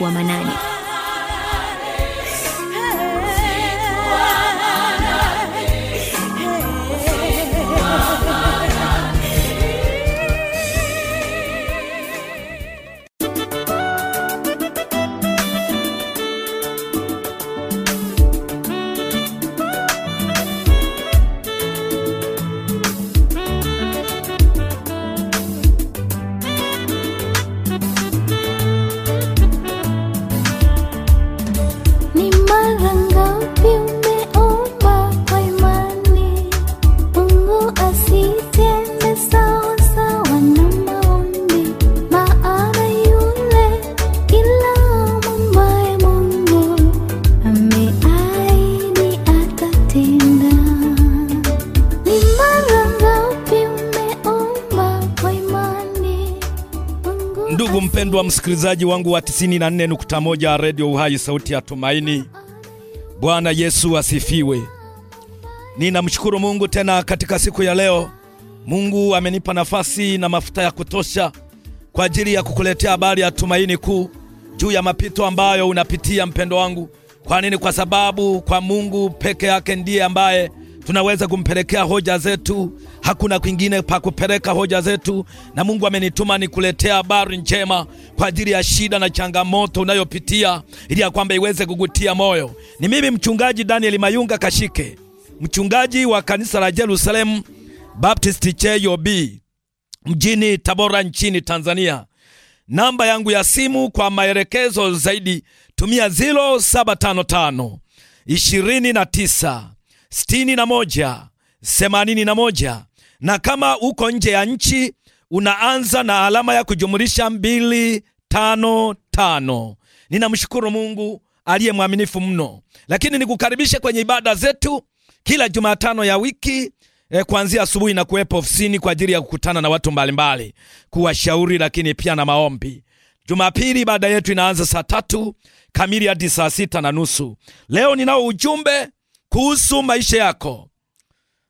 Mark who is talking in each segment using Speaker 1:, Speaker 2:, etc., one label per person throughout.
Speaker 1: uaminifu wa Manane.
Speaker 2: msikilizaji wangu wa 94.1 Radio Uhai, sauti ya Tumaini. Bwana Yesu asifiwe. Ninamshukuru Mungu tena katika siku ya leo. Mungu amenipa nafasi na mafuta ya kutosha
Speaker 3: kwa ajili ya kukuletea habari ya tumaini kuu juu ya mapito ambayo unapitia mpendo wangu. Kwa nini? Kwa sababu kwa Mungu peke yake ndiye ambaye tunaweza kumpelekea hoja zetu, hakuna kwingine pa kupeleka hoja zetu, na Mungu amenituma nikuletea habari njema kwa ajili ya shida na changamoto unayopitia ili ya kwamba iweze kugutia moyo. Ni mimi mchungaji Daniel Mayunga Kashike, mchungaji wa kanisa la Jerusalem Baptist Cheyob mjini Tabora nchini Tanzania. Namba yangu ya simu kwa maelekezo zaidi tumia 0755 29 61 moja na kama uko nje ya nchi unaanza na alama ya kujumulisha mbili tano tano. Ninamshukuru Mungu aliye mwaminifu mno, lakini nikukaribishe kwenye ibada zetu kila Jumatano
Speaker 2: ya wiki eh, kuanzia asubuhi na kuwepo ofisini kwa ajili ya kukutana na watu mbalimbali, kuwashauri lakini pia na maombi. Jumapili ibada yetu inaanza saa tatu kamili
Speaker 3: hadi saa sita na nusu. Leo ninao ujumbe kuhusu maisha yako.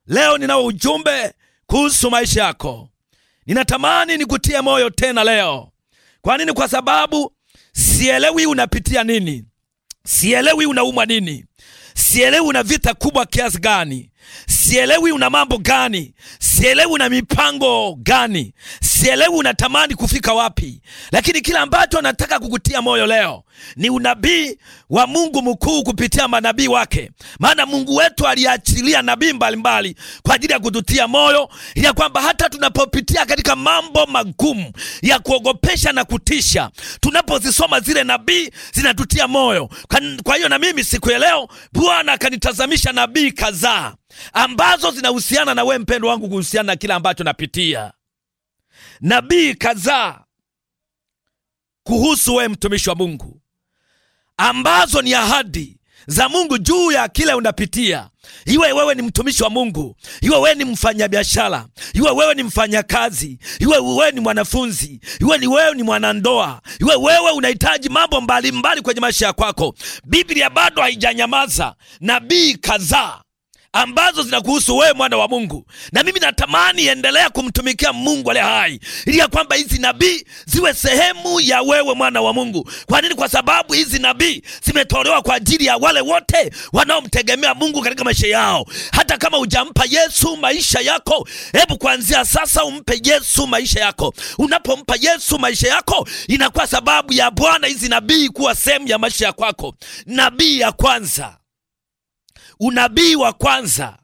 Speaker 3: Leo ninao ujumbe kuhusu maisha yako. Ninatamani nikutie moyo tena leo. Kwa nini? Kwa sababu sielewi unapitia nini, sielewi unaumwa nini, sielewi una vita kubwa kiasi gani Sielewi una mambo gani, sielewi una mipango gani, sielewi unatamani kufika wapi, lakini kila ambacho nataka kukutia moyo leo ni unabii wa Mungu mkuu kupitia manabii wake. Maana Mungu wetu aliachilia nabii mbalimbali kwa ajili ya kututia moyo, ya kwamba hata tunapopitia katika mambo magumu ya kuogopesha na kutisha, tunapozisoma zile nabii zinatutia moyo. Kwa hiyo na mimi siku ya leo Bwana akanitazamisha nabii kadhaa ambazo zinahusiana na we mpendo wangu, kuhusiana na kile ambacho napitia. Nabii kadhaa kuhusu we mtumishi wa Mungu, ambazo ni ahadi za Mungu juu ya kile unapitia, iwe wewe ni mtumishi wa Mungu, iwe wewe ni mfanyabiashara, iwe wewe ni mfanyakazi, iwe wewe ni mwanafunzi, iwe ni wewe ni mwanandoa, iwe wewe unahitaji mambo mbalimbali kwenye maisha ya kwako, Biblia bado haijanyamaza. Nabii kadhaa ambazo zinakuhusu wewe mwana wa Mungu, na mimi natamani endelea kumtumikia Mungu aliye hai, ili ya kwamba hizi nabii ziwe sehemu ya wewe mwana wa Mungu. Kwa nini? Kwa sababu hizi nabii zimetolewa kwa ajili ya wale wote wanaomtegemea Mungu katika maisha yao. Hata kama hujampa Yesu maisha yako, hebu kuanzia sasa umpe Yesu maisha yako. Unapompa Yesu maisha yako, inakuwa sababu ya Bwana hizi nabii kuwa sehemu ya maisha ya kwako. Nabii ya kwanza unabii wa kwanza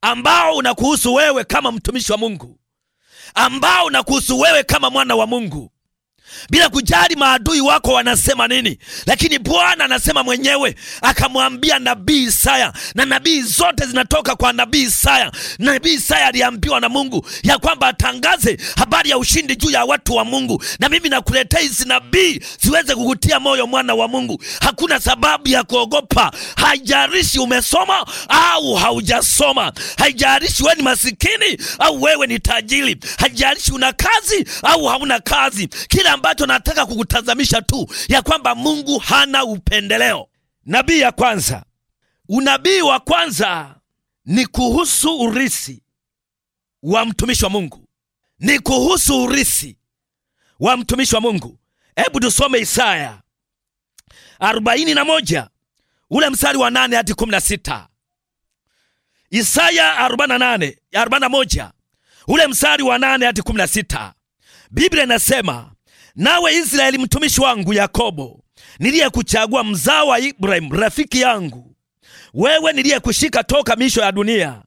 Speaker 3: ambao unakuhusu wewe kama mtumishi wa Mungu, ambao unakuhusu wewe kama mwana wa Mungu, bila kujali maadui wako wanasema nini, lakini Bwana anasema mwenyewe, akamwambia nabii Isaya, na nabii zote zinatoka kwa nabii Isaya. Nabii Isaya aliambiwa na Mungu ya kwamba atangaze habari ya ushindi juu ya watu wa Mungu, na mimi nakuletea hizi nabii ziweze kukutia moyo, mwana wa Mungu. Hakuna sababu ya kuogopa, haijarishi umesoma au haujasoma, haijarishi wewe ni masikini au wewe ni tajiri, haijarishi una kazi au hauna kazi, kila ambacho nataka kukutazamisha tu ya kwamba Mungu hana upendeleo. Nabii ya kwanza, unabii wa kwanza ni kuhusu urisi wa mtumishi wa Mungu, ni kuhusu urisi wa mtumishi wa Mungu. Hebu tusome Isaya arobaini moja ule mstari wa nane hadi kumi sita Isaya arobaini na nane moja ule mstari wa nane hadi kumi sita Biblia inasema nawe Israeli mtumishi wangu Yakobo, niliyekuchagua mzao wa Ibrahimu rafiki yangu, wewe niliyekushika toka misho ya dunia,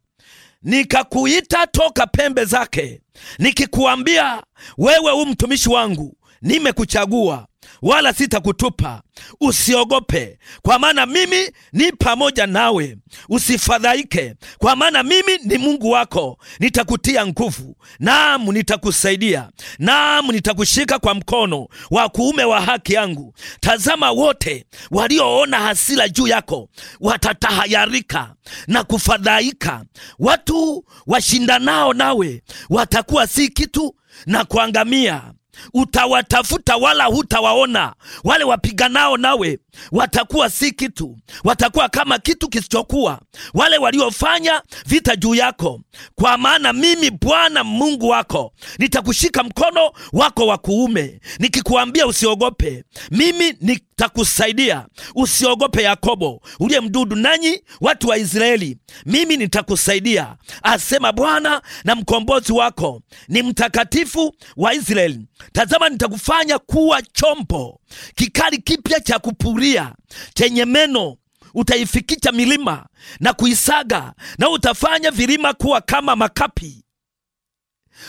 Speaker 3: nikakuita toka pembe zake, nikikuambia wewe u mtumishi wangu, nimekuchagua wala sitakutupa. Usiogope, kwa maana mimi ni pamoja nawe. Usifadhaike, kwa maana mimi ni Mungu wako. Nitakutia nguvu, naam, nitakusaidia, naam, nitakushika kwa mkono wa kuume wa haki yangu. Tazama, wote walioona hasira juu yako watatahayarika na kufadhaika. Watu washindanao nawe watakuwa si kitu na kuangamia. Utawatafuta wala hutawaona, wale wapiganao nawe watakuwa si kitu, watakuwa kama kitu kisichokuwa, wale waliofanya vita juu yako. Kwa maana mimi Bwana Mungu wako nitakushika mkono wako wa kuume, nikikuambia usiogope, mimi nitakusaidia. Usiogope Yakobo uliye mdudu, nanyi watu wa Israeli, mimi nitakusaidia, asema Bwana na mkombozi wako, ni mtakatifu wa Israeli. Tazama, nitakufanya kuwa chombo Kikali kipya cha kupuria chenye meno utaifikicha milima na kuisaga, na utafanya vilima kuwa kama makapi.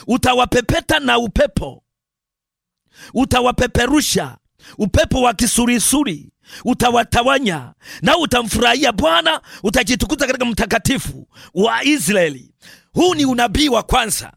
Speaker 3: Utawapepeta na upepo, utawapeperusha upepo wa kisurisuri utawatawanya na utamfurahia Bwana, utajitukuza katika Mtakatifu wa Israeli. Huu ni unabii wa kwanza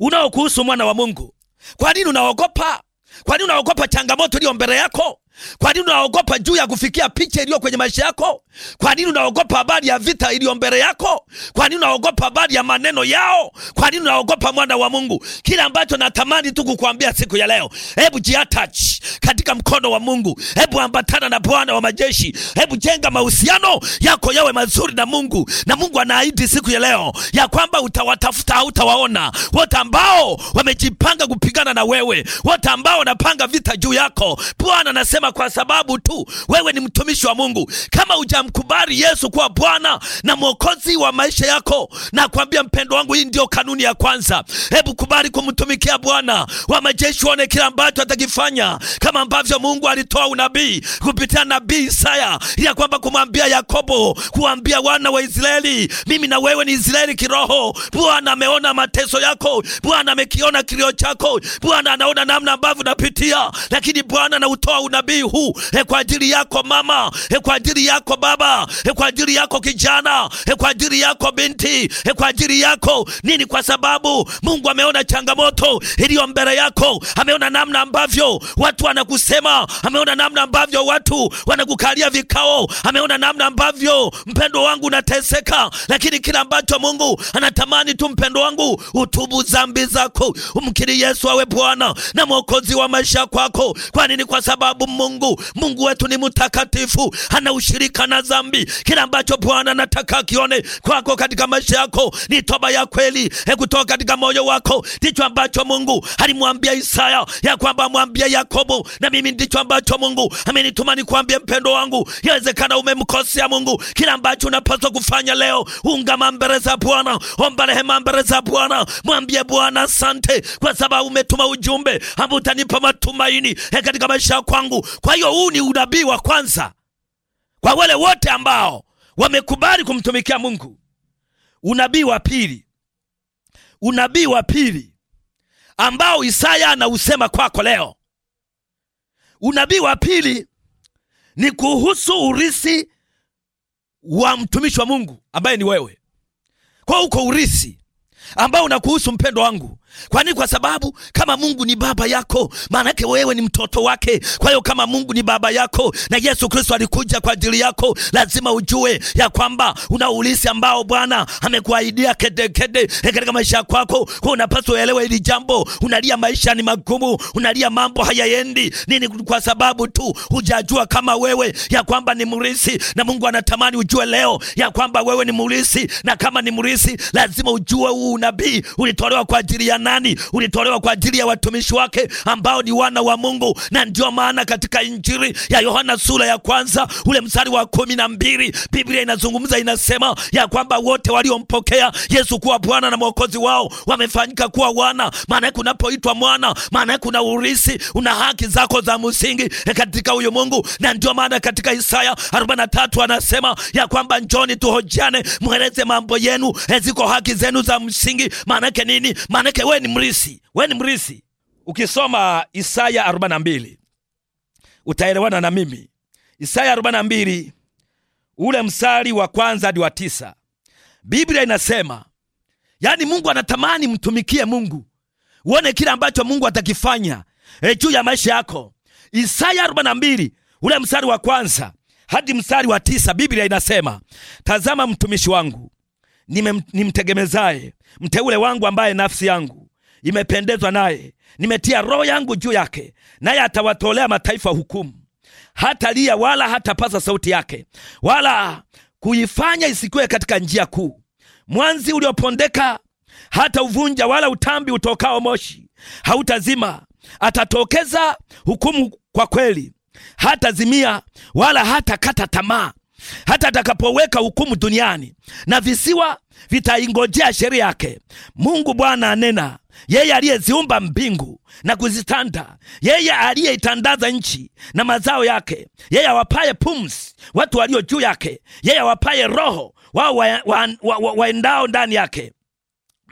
Speaker 3: unaokuhusu mwana wa Mungu. Kwa nini unaogopa? Kwani unaogopa changamoto iliyo mbele yako? Kwa nini unaogopa juu ya kufikia picha iliyo kwenye maisha yako? Kwa nini unaogopa habari ya vita iliyo mbele yako? Kwa nini unaogopa habari ya maneno yao? Kwa nini unaogopa, mwana wa Mungu? Kile ambacho natamani tu kukuambia siku ya leo, hebu jiatach katika mkono wa Mungu, hebu ambatana na Bwana wa majeshi, hebu jenga mahusiano yako yawe mazuri na Mungu. Na Mungu anaahidi siku ya leo ya kwamba utawatafuta, au utawaona wote ambao wamejipanga kupigana na wewe, wote ambao wanapanga vita juu yako. Bwana anasema kwa sababu tu wewe ni mtumishi wa Mungu. Kama hujamkubali Yesu kuwa Bwana na Mwokozi wa maisha yako, na kuambia mpendo wangu, hii ndio kanuni ya kwanza. Hebu kubali kumtumikia Bwana wa majeshi, uone kila ambacho atakifanya, kama ambavyo Mungu alitoa unabii kupitia nabii Isaya ya kwamba kumwambia Yakobo, kuambia wana wa Israeli, mimi na wewe ni Israeli kiroho. Bwana ameona mateso yako, Bwana amekiona kilio chako, Bwana anaona namna ambavyo unapitia, lakini Bwana anautoa unabii unabii huu he, kwa ajili yako mama he, kwa ajili yako baba he, kwa ajili yako kijana he, kwa ajili yako binti he, kwa ajili yako nini, kwa sababu Mungu ameona changamoto iliyo mbele yako, ameona namna ambavyo watu wanakusema, ameona namna ambavyo watu wanakukalia vikao, ameona namna ambavyo mpendo wangu unateseka, lakini kila ambacho Mungu anatamani tu mpendo wangu utubu zambi zako, umkiri Yesu awe Bwana na Mwokozi wa maisha kwako. Kwa nini? Kwa sababu Mungu Mungu. Mungu wetu ni mtakatifu, hana ushirika na dhambi. Kila ambacho Bwana anataka kione kwako katika maisha yako ni toba ya kweli e, kutoka katika moyo wako. Ndicho ambacho Mungu alimwambia Isaya ya kwamba amwambia Yakobo, na mimi ndicho ambacho Mungu amenituma nikuambie, mpendo wangu, yawezekana umemkosea Mungu. Kila ambacho unapaswa kufanya leo, ungama mbele za Bwana, omba rehema mbele za Bwana, mwambie Bwana asante kwa sababu umetuma ujumbe ambao utanipa matumaini e, katika maisha kwangu. Kwa hiyo huu ni unabii wa kwanza kwa wale wote ambao wamekubali kumtumikia Mungu. Unabii wa pili, unabii wa pili ambao Isaya anausema kwako leo, unabii wa pili ni kuhusu urisi wa mtumishi wa Mungu ambaye ni wewe. Kwa uko urisi ambao unakuhusu mpendo wangu, Kwani kwa sababu kama Mungu ni baba yako, maana yake wewe ni mtoto wake. Kwa hiyo kama Mungu ni baba yako na Yesu Kristo alikuja kwa ajili yako, lazima ujue ya kwamba una ulisi ambao Bwana amekuahidia kedekede eh, katika maisha yako. Kwa unapaswa uelewe hili jambo. Unalia maisha ni magumu, unalia mambo hayaendi nini, kwa sababu tu hujajua kama wewe ya kwamba ni mrisi, na Mungu anatamani ujue leo ya kwamba wewe ni mrisi, na kama ni mrisi lazima ujue huu unabii ulitolewa kwa ajili ya nani? Ulitolewa kwa ajili ya watumishi wake ambao ni wana wa Mungu, na ndio maana katika Injili ya Yohana sura ya kwanza ule mstari wa kumi na mbili Biblia inazungumza inasema ya kwamba wote waliompokea Yesu kuwa Bwana na Mwokozi wao wamefanyika kuwa wana. Maana yake unapoitwa mwana, maana yake una urisi, una haki zako za msingi e, katika huyo Mungu, na ndio maana katika Isaya 43 anasema ya kwamba njoni tuhojane, mweleze mambo yenu, e, ziko haki zenu za msingi. Maana yake nini? Maana yake we ni mrisi, we ni mrisi. Ukisoma Isaya 42 utaelewana na mimi. Isaya 42 ule msali wa kwanza hadi wa tisa, Biblia inasema yaani Mungu anatamani mtumikie Mungu, uone kile ambacho Mungu atakifanya e, juu ya maisha yako. Isaya 42 ule msali wa kwanza hadi msali wa tisa, Biblia inasema tazama mtumishi wangu nimtegemezaye, mteule wangu ambaye nafsi yangu imependezwa naye. Nimetia roho yangu juu yake, naye atawatolea mataifa hukumu. Hata lia wala hatapaza sauti yake, wala kuifanya isikiwe katika njia kuu. Mwanzi uliopondeka hata uvunja, wala utambi utokao moshi hautazima. Atatokeza hukumu kwa kweli, hata zimia wala hata kata tamaa hata atakapoweka hukumu duniani, na visiwa vitaingojea sheria yake. Mungu Bwana anena, yeye aliyeziumba mbingu na kuzitanda, yeye aliyeitandaza nchi na mazao yake, yeye awapaye pumzi watu walio juu yake, yeye awapaye roho wao waendao wa, wa, wa, wa ndani yake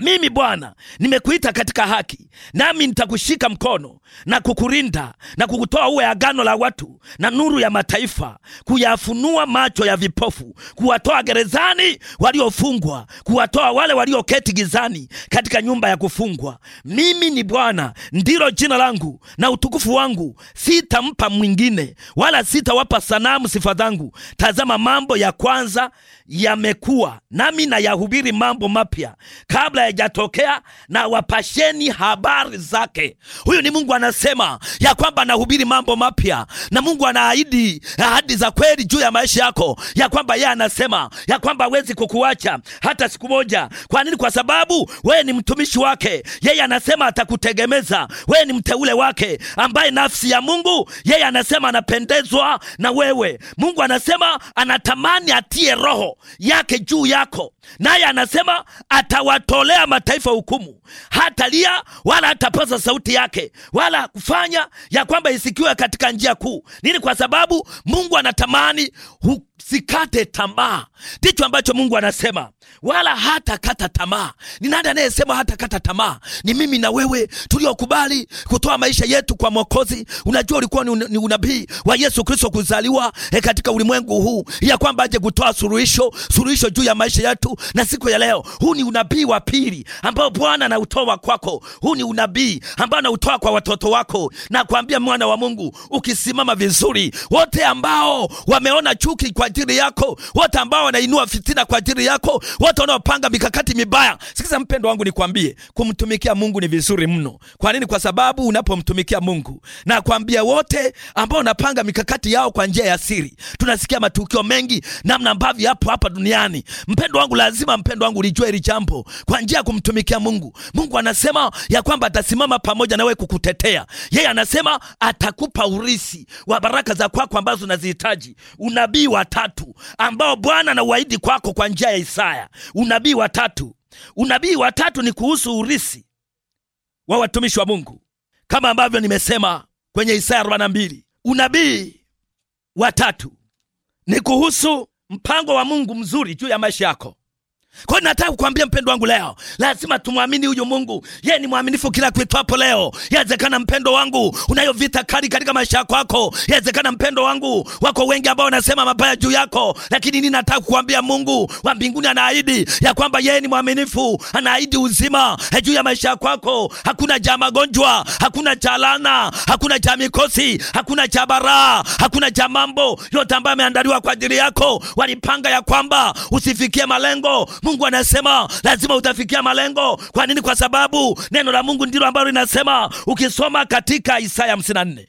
Speaker 3: mimi Bwana nimekuita katika haki, nami nitakushika mkono na kukurinda na kukutoa uwe agano la watu na nuru ya mataifa, kuyafunua macho ya vipofu, kuwatoa gerezani waliofungwa, kuwatoa wale walioketi gizani katika nyumba ya kufungwa. Mimi ni Bwana, ndilo jina langu, na utukufu wangu sitampa mwingine, wala sitawapa sanamu sifa zangu. Tazama, mambo ya kwanza yamekuwa, nami nayahubiri mambo mapya kabla yajatokea, na wapasheni habari zake. Huyu ni Mungu anasema ya kwamba anahubiri mambo mapya, na Mungu anaahidi ahadi za kweli juu ya maisha yako, ya kwamba yeye anasema ya kwamba hawezi kukuacha hata siku moja. Kwa nini? Kwa sababu wewe ni mtumishi wake, yeye anasema atakutegemeza. Wewe ni mteule wake ambaye nafsi ya Mungu, yeye anasema anapendezwa na wewe. Mungu anasema anatamani atie roho yake juu yako, naye anasema atawatolea mataifa hukumu, hatalia wala hatapaza sauti yake, wala kufanya ya kwamba isikiwe katika njia kuu. Nini? Kwa sababu Mungu anatamani usikate tamaa. Ndicho ambacho Mungu anasema wala hata kata tamaa. Ni nani anayesema hata kata tamaa? Ni mimi na wewe tuliokubali kutoa maisha yetu kwa Mwokozi. Unajua ulikuwa ni, unabii wa Yesu Kristo kuzaliwa e katika ulimwengu huu ya kwamba aje kutoa suluhisho, suluhisho juu ya maisha yetu. Na siku ya leo, huu ni unabii wa pili ambao Bwana anautoa kwako. Huu ni unabii ambao anautoa kwa watoto wako, na kuambia mwana wa Mungu, ukisimama vizuri, wote ambao wameona chuki kwa ajili yako, wote ambao wanainua fitina kwa ajili yako watu wanaopanga mikakati mibaya. Sikiza mpendo wangu, nikwambie kumtumikia Mungu ni vizuri mno. Kwa nini? Kwa sababu unapomtumikia Mungu, na kwambia wote ambao wanapanga mikakati yao kwa njia ya siri, tunasikia matukio mengi namna ambavyo yapo hapa duniani. Mpendo wangu, lazima mpendo wangu ulijue hili jambo, kwa njia ya kumtumikia Mungu. Mungu anasema ya kwamba atasimama pamoja nawe kukutetea. Yeye anasema atakupa urisi wa baraka za kwako ambazo unazihitaji. Unabii wa tatu ambao Bwana anauahidi kwako kwa njia ya Isaya unabii wa tatu. Unabii wa tatu ni kuhusu urisi wa watumishi wa Mungu, kama ambavyo nimesema kwenye Isaya 42. Unabii wa tatu ni kuhusu mpango wa Mungu mzuri juu ya maisha yako. Kwa hiyo nataka kukwambia mpendo wangu leo, lazima tumwamini huyu Mungu. Ye ni mwaminifu kila kuitwapo leo. Yawezekana mpendo wangu unayo vita kali katika maisha yako. yako. Yawezekana mpendo wangu wako wengi ambao wanasema mabaya juu yako, lakini nini nataka kukwambia, Mungu wa mbinguni anaahidi ya kwamba yeye ni mwaminifu, anaahidi uzima e juu ya maisha yako. Hakuna cha magonjwa, hakuna cha laana, hakuna cha mikosi, hakuna cha baraa, hakuna cha mambo yote ambayo yameandaliwa kwa ajili yako. Walipanga ya kwamba usifikie malengo Mungu anasema lazima utafikia malengo. Kwa nini? Kwa sababu neno la Mungu ndilo ambalo linasema. Ukisoma katika Isaya 54,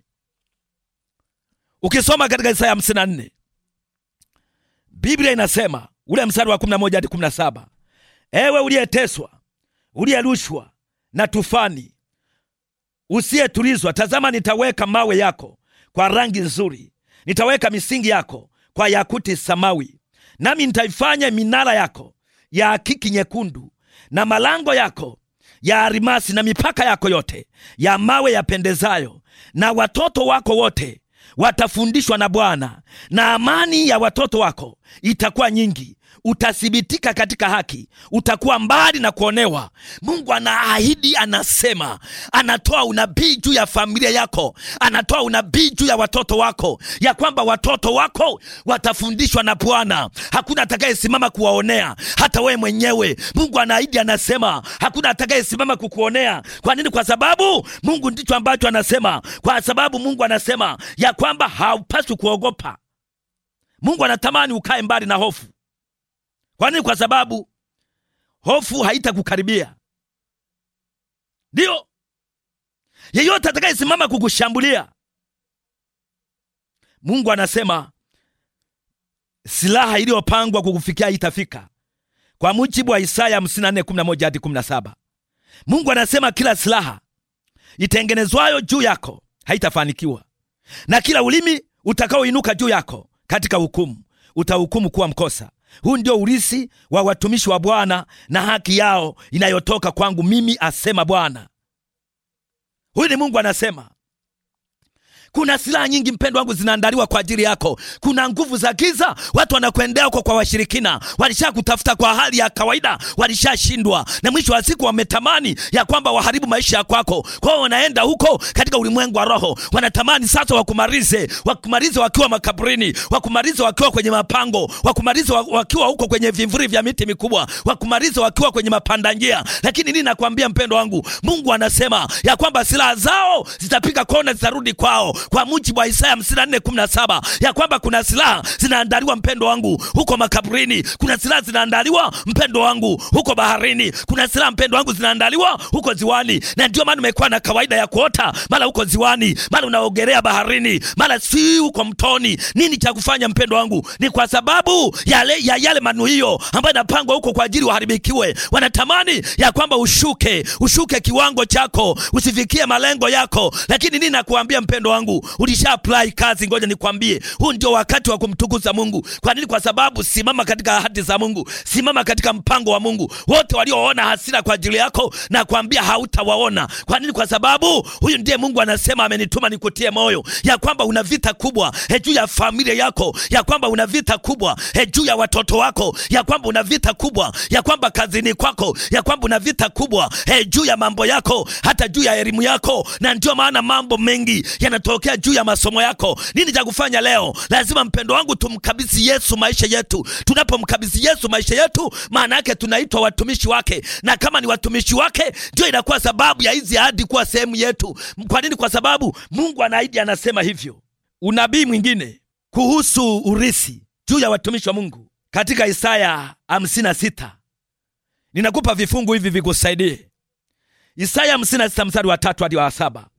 Speaker 3: ukisoma katika Isaya 54, Biblia inasema ule mstari wa 11 hadi 17, ewe uliyeteswa, uliyerushwa na tufani, usiyetulizwa, tazama, nitaweka mawe yako kwa rangi nzuri, nitaweka misingi yako kwa yakuti samawi, nami nitaifanya minara yako ya akiki nyekundu na malango yako ya arimasi na mipaka yako yote ya mawe yapendezayo, na watoto wako wote watafundishwa na Bwana, na amani ya watoto wako itakuwa nyingi utathibitika katika haki, utakuwa mbali na kuonewa. Mungu anaahidi, anasema, anatoa unabii juu ya familia yako, anatoa unabii juu ya watoto wako, ya kwamba watoto wako watafundishwa na Bwana, hakuna atakayesimama kuwaonea, hata wewe mwenyewe. Mungu anaahidi, anasema, hakuna atakayesimama kukuonea. Kwa nini? Kwa sababu Mungu ndicho ambacho anasema, kwa sababu Mungu anasema ya kwamba haupaswi kuogopa. Mungu anatamani ukae mbali na hofu. Kwani kwa sababu hofu haitakukaribia. Ndiyo, yeyote atakayesimama kukushambulia, Mungu anasema silaha iliyopangwa kukufikia itafika, kwa mujibu wa Isaya 54:11 hadi 17. Mungu anasema kila silaha itengenezwayo juu yako haitafanikiwa, na kila ulimi utakaoinuka juu yako katika hukumu utahukumu kuwa mkosa. Huu ndio urisi wa watumishi wa Bwana na haki yao inayotoka kwangu mimi, asema Bwana. Huyu ni Mungu anasema, kuna silaha nyingi mpendo wangu zinaandaliwa kwa ajili yako. Kuna nguvu za giza, watu wanakuendea huko kwa washirikina, walishakutafuta kwa hali ya kawaida, walishashindwa na mwisho wa siku wametamani ya kwamba waharibu maisha ya kwako. Kwa hiyo wanaenda huko katika ulimwengu wa roho, wanatamani sasa wakumalize, wakumalize wakiwa makaburini, wakumalize wakiwa kwenye mapango, wakumalize wakiwa huko kwenye vivuri vya miti mikubwa, wakumalize wakiwa kwenye mapanda njia. Lakini nini nakwambia mpendo wangu, Mungu anasema ya kwamba silaha zao zitapiga kona, zitarudi kwao kwa mujibu wa Isaya 54:17 ya kwamba kuna silaha zinaandaliwa mpendo wangu huko makaburini, kuna silaha zinaandaliwa mpendo wangu huko baharini, kuna silaha mpendo wangu zinaandaliwa huko ziwani. Na ndio maana umekuwa na kawaida ya kuota mara huko ziwani, mara unaogelea baharini, mara si huko mtoni. Nini cha kufanya mpendo wangu? Ni kwa sababu yale, ya yale manu hiyo ambayo yanapangwa huko kwa ajili waharibikiwe. Wanatamani ya kwamba ushuke, ushuke kiwango chako, usifikie malengo yako, lakini nini nakuambia mpendo wangu Mungu, ulisha apply kazi. Ngoja nikwambie, huu ndio wakati wa kumtukuza Mungu. Kwa nini? Kwa sababu simama katika ahadi za Mungu, simama katika mpango wa Mungu. Wote walioona hasira kwa ajili yako na kuambia hautawaona. Kwa nini? Kwa sababu huyu ndiye Mungu anasema, amenituma nikutie moyo ya kwamba una vita kubwa he juu ya familia yako, ya kwamba una vita kubwa he juu ya watoto wako, ya kwamba una vita kubwa, ya kwamba kazini kwako, ya kwamba una vita kubwa he juu ya mambo yako, hata juu ya elimu yako, na ndio maana mambo mengi yanatokea kutokea juu ya masomo yako. Nini cha kufanya leo? Lazima mpendo wangu tumkabidhi Yesu maisha yetu. Tunapomkabidhi Yesu maisha yetu, maana yake tunaitwa watumishi wake, na kama ni watumishi wake, ndio inakuwa sababu ya hizi ahadi kuwa sehemu yetu. Kwa nini? Kwa sababu Mungu anaahidi, anasema hivyo. Unabii mwingine kuhusu urisi juu ya watumishi wa Mungu katika Isaya 56 ninakupa vifungu hivi vikusaidie. Isaya 56 mstari wa tatu hadi wa saba.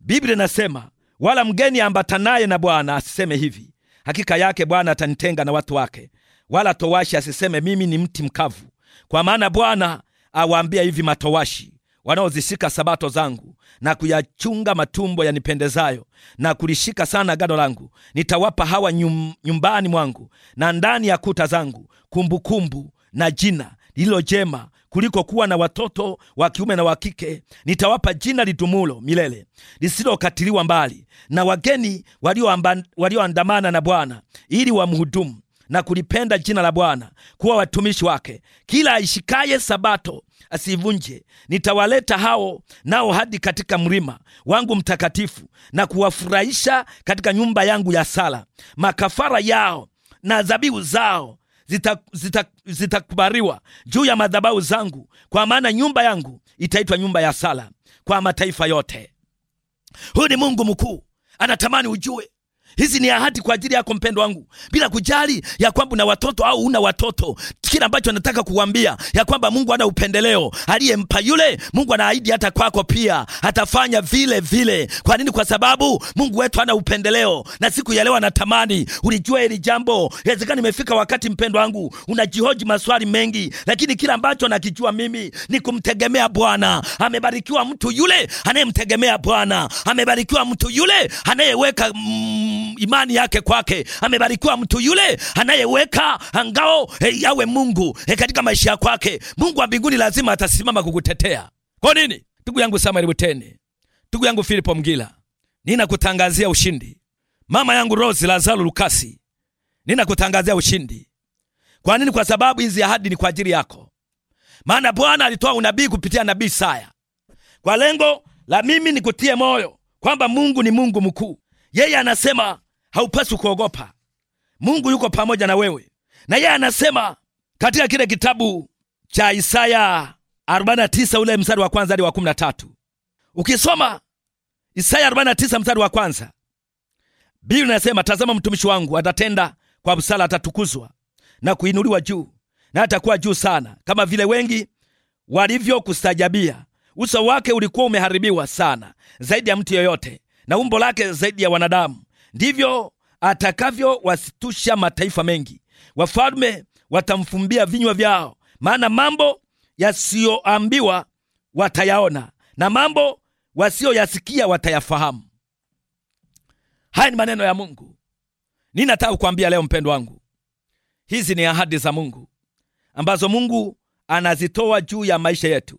Speaker 3: Biblia inasema wala mgeni ambatanaye na Bwana asiseme hivi, hakika yake Bwana atanitenga na watu wake, wala towashi asiseme mimi ni mti mkavu, kwa
Speaker 2: maana Bwana awaambia hivi matowashi wanaozishika sabato zangu na kuyachunga matumbo yanipendezayo na kulishika sana gano langu, nitawapa hawa nyum,
Speaker 3: nyumbani mwangu na ndani ya kuta zangu kumbukumbu kumbu, na jina lililo jema kuliko kuwa na watoto wa kiume na wa kike. Nitawapa jina lidumulo milele lisilokatiliwa mbali, na wageni walioandamana walio na Bwana ili wamhudumu na kulipenda jina la Bwana, kuwa watumishi wake. Kila aishikaye sabato asivunje. Nitawaleta hao nao hadi katika mlima wangu mtakatifu, na kuwafurahisha katika nyumba yangu ya sala. Makafara yao na dhabihu zao zitakubariwa zita, zita juu ya madhabahu zangu, kwa maana nyumba yangu itaitwa nyumba ya sala kwa mataifa yote. Huyu ni Mungu mkuu, anatamani ujue Hizi ni ahadi kwa ajili yako mpendo wangu, bila kujali ya kwamba una watoto au una watoto. Kila ambacho nataka kuwambia ya kwamba Mungu ana upendeleo, aliyempa yule Mungu ana anaahidi hata kwako pia atafanya vile vile. Kwa nini? Kwa sababu Mungu wetu ana upendeleo, na siku ya leo anatamani ulijua hili jambo. Inawezekana imefika wakati mpendo wangu unajihoji maswali mengi, lakini kila ambacho nakijua mimi ni kumtegemea Bwana. Amebarikiwa mtu yule anayemtegemea Bwana, amebarikiwa mtu yule anayeweka mm, imani yake kwake. Amebarikiwa mtu yule anayeweka ngao hey, yawe Mungu hey, katika maisha kwake. Mungu wa mbinguni lazima atasimama kukutetea. Kwa nini? Ndugu yangu Samuel Buteni, ndugu yangu Filipo Mgila, ninakutangazia ushindi. Mama yangu Rose Lazaro Lukasi, ninakutangazia ushindi. Kwa nini? Kwa sababu hizi ahadi ni kwa ajili yako, maana Bwana alitoa unabii kupitia nabii Isaya kwa lengo la mimi nikutie moyo kwamba Mungu ni Mungu mkuu, yeye anasema haupaswi kuogopa, Mungu yuko pamoja na wewe. Na yeye anasema katika kile kitabu cha Isaya 49 ule mstari wa kwanza hadi wa 13, ukisoma Isaya 49 mstari wa kwanza, Biblia inasema tazama, mtumishi wangu atatenda kwa busara, atatukuzwa na kuinuliwa juu, na atakuwa juu sana, kama vile wengi walivyokustajabia. Uso wake ulikuwa umeharibiwa sana zaidi ya mtu yoyote, na umbo lake zaidi ya wanadamu, ndivyo atakavyowasitusha mataifa mengi. Wafalme watamfumbia vinywa vyao, maana mambo yasiyoambiwa watayaona na mambo wasiyoyasikia watayafahamu. Haya ni maneno ya Mungu. Ninataka kukwambia
Speaker 2: leo, mpendo wangu, hizi ni ahadi za Mungu ambazo Mungu
Speaker 3: anazitoa juu ya maisha yetu.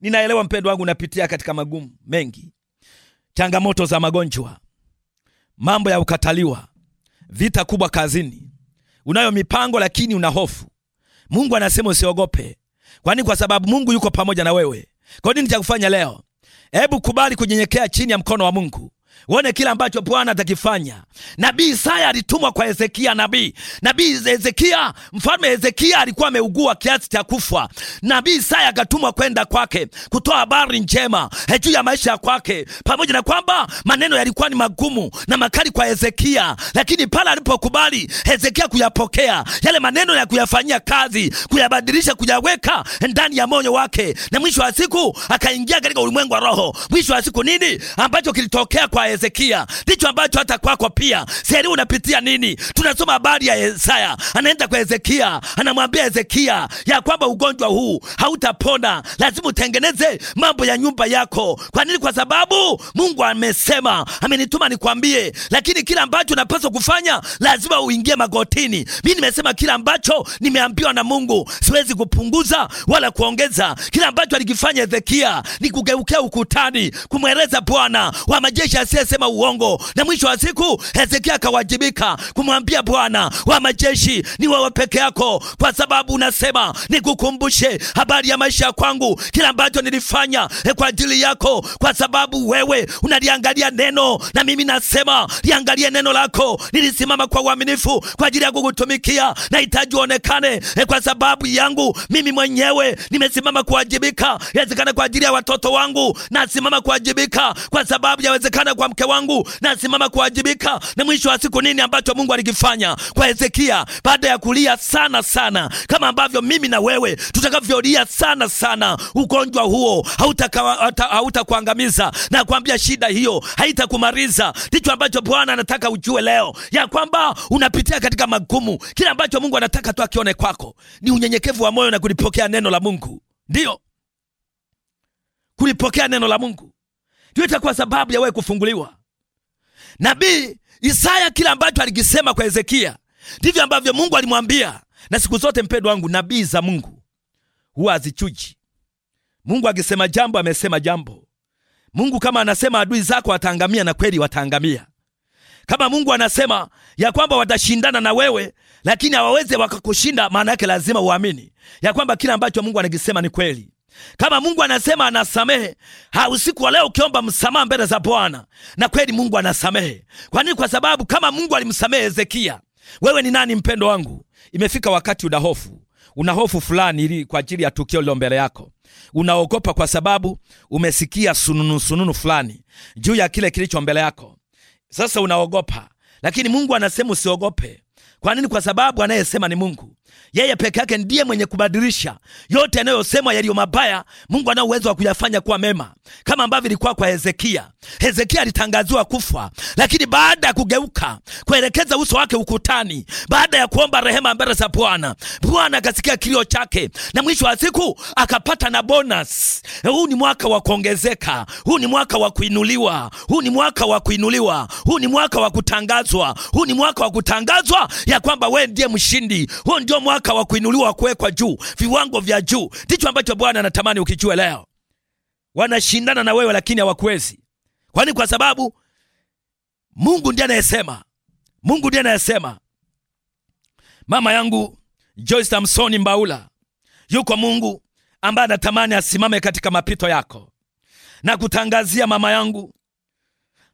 Speaker 3: Ninaelewa mpendo wangu, unapitia katika magumu mengi, changamoto za magonjwa, mambo ya kukataliwa, vita kubwa kazini. Unayo mipango lakini una hofu. Mungu anasema usiogope, kwani kwa sababu Mungu yuko pamoja na wewe. Kwa nini cha kufanya leo? Hebu kubali kunyenyekea chini ya mkono wa Mungu uone kile ambacho Bwana atakifanya. Nabii Isaya alitumwa kwa Hezekia nabii. Nabii Hezekia, mfalme Hezekia alikuwa ameugua kiasi cha kufa. Nabii Isaya akatumwa kwenda kwake kutoa habari njema eh, juu ya maisha kwake, pamoja na kwamba maneno yalikuwa ni magumu na makali kwa Hezekia, lakini pale alipokubali Hezekia kuyapokea yale maneno ya kuyafanyia kazi, kuyabadilisha, kuyaweka ndani ya moyo wake, na mwisho wa siku akaingia katika ulimwengu wa roho. Mwisho wa siku nini ambacho kilitokea kwa Hezekia, ndicho ambacho hata kwako pia seri unapitia nini. Tunasoma habari ya Yesaya, anaenda kwa Hezekia, anamwambia Hezekia ya kwamba ugonjwa huu hautapona, lazima utengeneze mambo ya nyumba yako. Kwa nini? Kwa sababu Mungu amesema, amenituma nikwambie, lakini kila ambacho unapaswa kufanya lazima uingie magotini. Mi nimesema kila ambacho nimeambiwa na Mungu siwezi kupunguza wala kuongeza. Kila ambacho alikifanya Hezekia ni kugeukea ukutani kumweleza Bwana wa majeshi asiye aliyesema uongo. Na mwisho wa siku Hezekia akawajibika kumwambia Bwana wa majeshi, ni wewe peke yako, kwa sababu unasema nikukumbushe habari ya maisha kwangu, kila ambacho nilifanya eh, kwa ajili yako, kwa sababu wewe unaliangalia neno, na mimi nasema liangalie neno lako. Nilisimama kwa uaminifu kwa ajili ya kukutumikia, nahitaji uonekane eh, kwa sababu yangu mimi mwenyewe nimesimama kuwajibika. Yawezekana kwa ajili ya watoto wangu, nasimama kuwajibika kwa sababu yawezekana kwa mke wangu, nasimama kuwajibika. Na mwisho wa siku nini ambacho Mungu alikifanya kwa Hezekia baada ya kulia sana sana, kama ambavyo mimi na wewe tutakavyolia sana sana, ugonjwa huo hautakuangamiza, hauta na kuambia shida hiyo haitakumaliza. Ndicho ambacho Bwana anataka ujue leo ya kwamba unapitia katika magumu. Kile ambacho Mungu anataka tu akione kwako ni unyenyekevu wa moyo na kulipokea neno la Mungu, ndio kulipokea neno la Mungu yote kwa sababu ya wewe kufunguliwa. Nabii Isaya kila ambacho alikisema kwa Hezekia ndivyo ambavyo Mungu alimwambia. Na siku zote, mpendwa wangu, nabii za Mungu huwa hazichuji. Mungu akisema jambo, amesema jambo. Mungu kama anasema adui zako wataangamia, na kweli wataangamia. Kama Mungu anasema ya kwamba watashindana na wewe lakini hawaweze wakakushinda, maana yake lazima uamini ya kwamba kila ambacho Mungu anakisema ni kweli. Kama Mungu anasema anasamehe, usiku wa leo ukiomba msamaha mbele za Bwana, na kweli Mungu anasamehe. Kwa nini? Kwa sababu kama Mungu alimsamehe Hezekia, wewe ni nani, mpendo wangu? Imefika wakati una hofu, una hofu fulani ili kwa ajili ya tukio
Speaker 2: lilo mbele yako. Unaogopa kwa sababu umesikia sununu sununu fulani
Speaker 3: juu ya kile kilicho mbele yako. Sasa unaogopa, lakini Mungu anasema usiogope. Kwa nini? Kwa sababu anayesema ni Mungu. Yeye peke yake ndiye mwenye kubadilisha yote yanayosemwa yaliyo mabaya. Mungu ana uwezo wa kuyafanya kuwa mema, kama ambavyo ilikuwa kwa Hezekia. Hezekia alitangaziwa kufa, lakini baada ya kugeuka kuelekeza uso wake ukutani, baada ya kuomba rehema mbele za Bwana, Bwana akasikia kilio chake na mwisho wa siku akapata na bonus. Huu ni mwaka wa kuongezeka, huu ni mwaka wa kuinuliwa, huu ni mwaka wa kuinuliwa, huu ni mwaka wa kutangazwa, huu ni mwaka wa kutangazwa ya kwamba we ndiye mshindi. Huu ndio mwaka wa kuinuliwa, wa kuwekwa juu, viwango vya juu. Ndicho ambacho Bwana anatamani ukijue leo. Wanashindana na wewe, lakini hawakuwezi Kwani kwa sababu Mungu ndiye anayesema, Mungu ndiye anayesema. Mama yangu Joyce Samsoni Mbaula, yuko Mungu ambaye anatamani asimame katika mapito yako na kutangazia mama yangu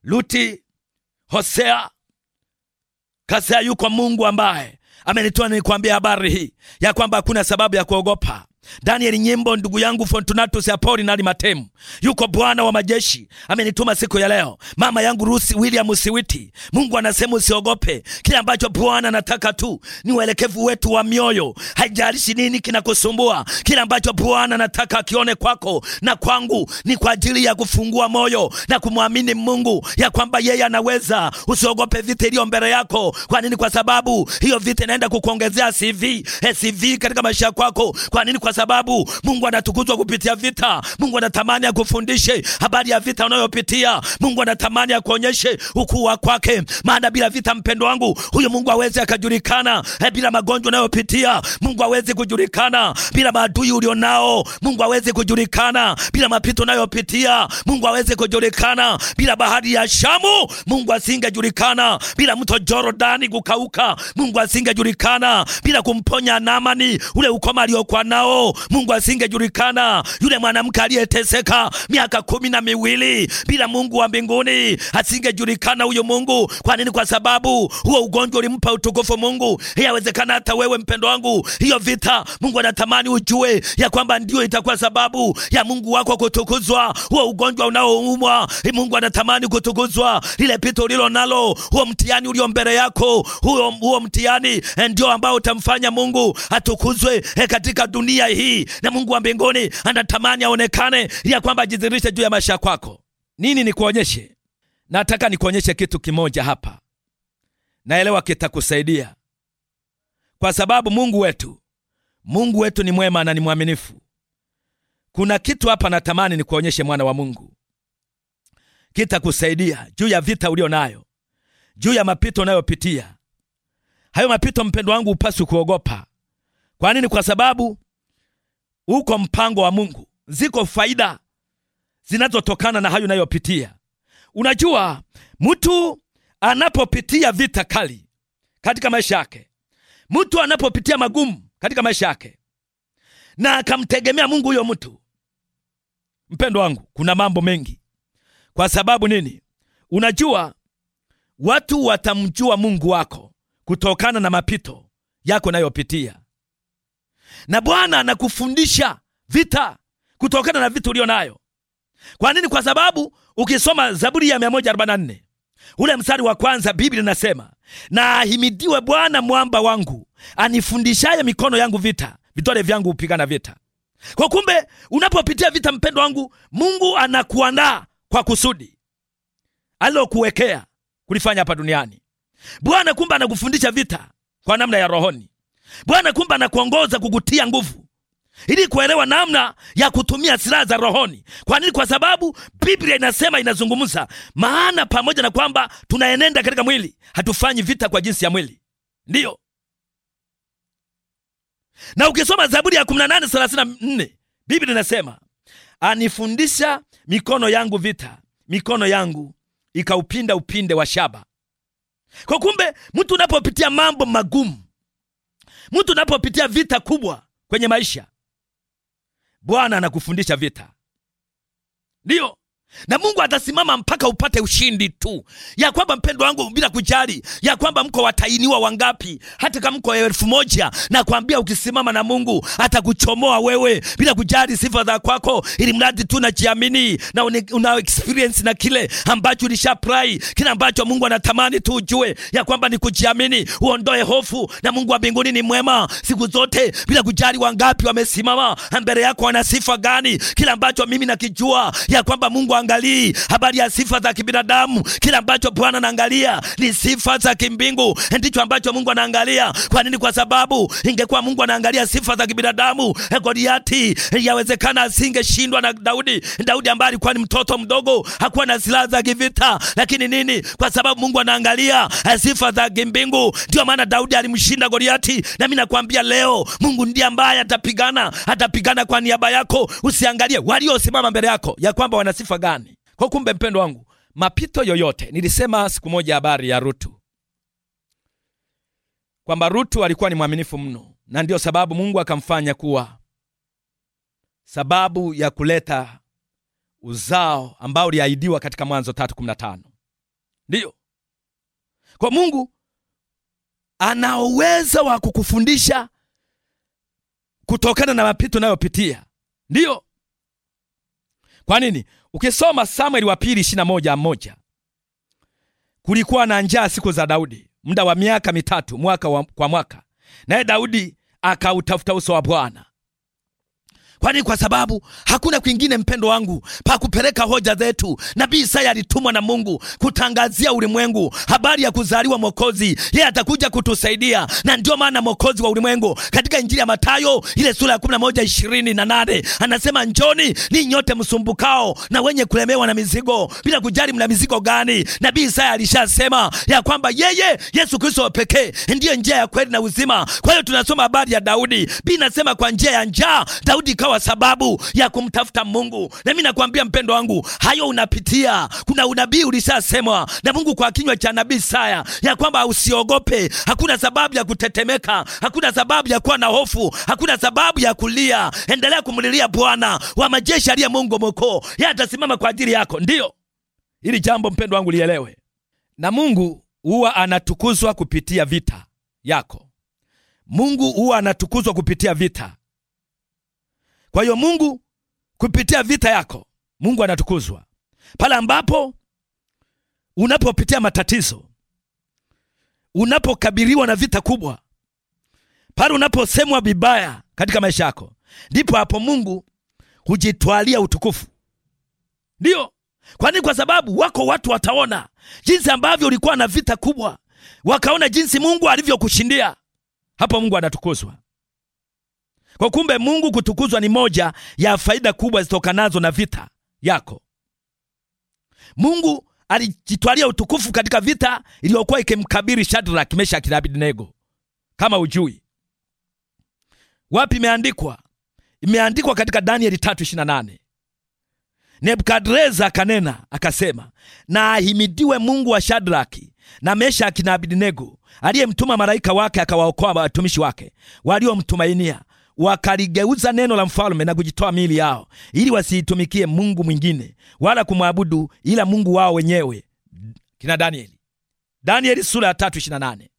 Speaker 3: Luti Hosea Kasea, yuko Mungu ambaye amenitoa nikwambia habari hii ya kwamba hakuna sababu ya kuogopa. Danieli Nyimbo, ndugu yangu Fortunatus Apoli na Matemu, yuko Bwana wa majeshi amenituma siku ya leo, mama yangu Rusi William Siwiti. Mungu anasema usiogope, kile ambacho Bwana anataka tu ni uelekevu wetu wa mioyo. Haijalishi nini kinakusumbua, kile ambacho Bwana anataka akione kwako na kwangu ni kwa ajili ya kufungua moyo na kumwamini Mungu ya kwamba yeye anaweza. Usiogope vita iliyo mbele yako. Kwa nini? Kwa sababu hiyo vita inaenda kukuongezea CV, CV katika maisha yako. Kwa nini? Kwa sababu Mungu anatukuzwa kupitia vita. Mungu anatamani akufundishe habari ya vita unayopitia. Mungu anatamani akuonyeshe ukuu kwake, maana bila vita, mpendo wangu, huyu Mungu awezi akajulikana. Eh, bila magonjwa unayopitia, Mungu awezi kujulikana. Bila maadui ulionao, Mungu awezi kujulikana. Bila mapito unayopitia, Mungu awezi kujulikana. Bila bahari ya Shamu, Mungu asingejulikana. Bila mto Jorodani kukauka, Mungu asingejulikana. Bila kumponya namani ule ukoma aliokuwa nao Mungu asingejulikana yule mwanamke aliyeteseka miaka kumi na miwili bila Mungu wa mbinguni, asingejulikana huyo Mungu. Kwa nini? Kwa sababu huo ugonjwa ulimpa utukufu Mungu. Yawezekana hata wewe mpendo wangu, hiyo vita Mungu anatamani ujue ya kwamba ndio itakuwa sababu ya Mungu wako kutukuzwa. Huo ugonjwa unaoumwa, Mungu anatamani kutukuzwa. Lile pito ulilo nalo, huo mtihani ulio mbele yako, huo, huo mtihani eh, ndio ambao utamfanya Mungu atukuzwe eh, katika dunia hii, na Mungu wa mbinguni anatamani aonekane ya kwamba ajidhirishe juu ya maisha kwako. Nini nikuonyeshe? Nataka nikuonyeshe kitu kimoja hapa, naelewa kitakusaidia, kwa sababu Mungu wetu, Mungu wetu ni mwema na ni mwaminifu. Kuna kitu hapa natamani nikuonyeshe, mwana wa Mungu, kitakusaidia juu ya vita ulio nayo, juu ya mapito unayopitia. Hayo mapito, mpendo wangu, upaswi kuogopa. Kwa nini? Kwa sababu uko mpango wa Mungu. Ziko faida zinazotokana na hayo unayopitia. Unajua, mtu anapopitia vita kali katika maisha yake, mtu anapopitia magumu katika maisha yake na akamtegemea Mungu huyo mtu, mpendo wangu, kuna mambo mengi. Kwa sababu nini? Unajua, watu watamjua Mungu wako kutokana na mapito yako nayopitia na Bwana anakufundisha vita kutokana na vita ulio nayo. Kwa nini? Kwa sababu ukisoma Zaburi ya 144 ule mstari wa kwanza, Biblia inasema na ahimidiwe Bwana mwamba wangu, anifundishaye mikono yangu vita, vitole vyangu hupigana vita. Kwa kumbe, unapopitia vita, mpendo wangu, Mungu anakuandaa kwa kusudi alilokuwekea kulifanya hapa duniani. Bwana kumbe anakufundisha vita kwa namna ya rohoni. Bwana kumbe anakuongoza kukutia nguvu ili kuelewa namna ya kutumia silaha za rohoni. Kwa nini? Kwa sababu Biblia inasema, inazungumza maana, pamoja na kwamba tunaenenda katika mwili, hatufanyi vita kwa jinsi ya mwili. Ndiyo, na ukisoma Zaburi ya 18:34 Biblia inasema anifundisha mikono yangu vita, mikono yangu ikaupinda upinde wa shaba. Kwa kumbe, mtu unapopitia mambo magumu Mtu unapopitia vita kubwa kwenye maisha, Bwana anakufundisha vita. Ndiyo, na Mungu atasimama mpaka upate ushindi tu, ya kwamba mpendo wangu, bila kujali ya kwamba mko watainiwa wangapi, hata kama mko elfu moja na kwambia, ukisimama na Mungu atakuchomoa wewe, bila kujali sifa za kwako, ili mradi tu najiamini na una experience na kile ambacho ulisha pray, kile ambacho Mungu anatamani tu ujue ya kwamba ni kujiamini, uondoe hofu. Na Mungu wa mbinguni ni mwema siku zote, bila kujali wangapi wamesimama mbele yako, wana sifa gani, kile ambacho mimi nakijua ya kwamba Mungu hawaangalii habari ya sifa za kibinadamu. Kile ambacho Bwana anaangalia ni sifa za kimbingu, e, ndicho ambacho Mungu anaangalia. Kwa nini? Kwa sababu ingekuwa Mungu anaangalia sifa za kibinadamu, e, Goliati e, yawezekana asingeshindwa na Daudi. Daudi ambaye alikuwa ni mtoto mdogo, hakuwa na silaha za kivita, lakini nini? Kwa sababu Mungu anaangalia sifa za kimbingu, ndio maana Daudi alimshinda Goliati. Na mimi nakwambia leo, Mungu ndiye ambaye atapigana, atapigana kwa niaba yako. Usiangalie waliosimama mbele yako ya kwamba wana sifa gani gani? Kwa kumbe, mpendo wangu,
Speaker 2: mapito yoyote, nilisema siku moja habari ya Rutu kwamba Rutu alikuwa ni mwaminifu mno, na ndiyo sababu Mungu akamfanya kuwa sababu ya kuleta uzao ambao uliahidiwa katika Mwanzo
Speaker 3: 3:15. Ndiyo kwa Mungu ana uwezo wa kukufundisha kutokana na mapito unayopitia.
Speaker 2: Ndiyo kwa nini? Ukisoma Samueli wa pili ishirini na moja moja, kulikuwa na njaa siku za Daudi muda wa miaka mitatu mwaka wa,
Speaker 3: kwa mwaka, naye Daudi akautafuta uso wa Bwana Kwani kwa sababu hakuna kwingine, mpendo wangu, pa kupeleka hoja zetu. Nabii Isaya alitumwa na Mungu kutangazia ulimwengu habari ya kuzaliwa Mwokozi. Yeye atakuja kutusaidia, na ndio maana mwokozi wa ulimwengu katika Injili ya Mathayo ile sura ya moja ishirini na nane anasema njoni ni nyote msumbukao na wenye kulemewa na mizigo, bila kujali mna mizigo gani. Nabii Isaya alishasema ya kwamba yeye Yesu Kristo pekee ndiye njia ya kweli na uzima. Kwa hiyo tunasoma habari ya Daudi, Biblia inasema kwa njia ya njaa Daudi kawa ukawa sababu ya kumtafuta Mungu. Nami nakwambia mpendo wangu, hayo unapitia. Kuna unabii ulishasemwa na Mungu kwa kinywa cha nabii Isaya ya kwamba usiogope. Hakuna sababu ya kutetemeka, hakuna sababu ya kuwa na hofu, hakuna sababu ya kulia. Endelea kumlilia Bwana wa majeshi aliye Mungu mwoko, yeye atasimama kwa ajili yako. Ndiyo hili jambo mpendo wangu lielewe, na Mungu huwa anatukuzwa kupitia vita yako. Mungu huwa anatukuzwa kupitia vita. Kwa hiyo Mungu kupitia vita yako, Mungu anatukuzwa pale ambapo unapopitia matatizo, unapokabiliwa na vita kubwa, pale unaposemwa vibaya katika maisha yako, ndipo hapo Mungu hujitwalia utukufu. Ndiyo, kwani kwa sababu wako watu wataona jinsi ambavyo ulikuwa na vita kubwa, wakaona jinsi Mungu alivyokushindia. Hapo Mungu anatukuzwa. Kwa kumbe Mungu kutukuzwa ni moja ya faida kubwa zitokanazo na vita yako. Mungu alijitwalia utukufu katika vita iliyokuwa ikimkabiri Shadrach, Meshaki na Abednego. Kama ujui wapi imeandikwa, imeandikwa katika Danieli 3:28. Nebukadreza akanena akasema, na ahimidiwe Mungu wa Shadraki na Meshaki na Abednego, aliyemtuma malaika wake akawaokoa watumishi wake waliomtumainia wakaligeuza neno la mfalme na kujitoa mili yao ili wasiitumikie mungu mwingine wala kumwabudu ila mungu wao wenyewe. Kina Danieli, Danieli sura ya nane.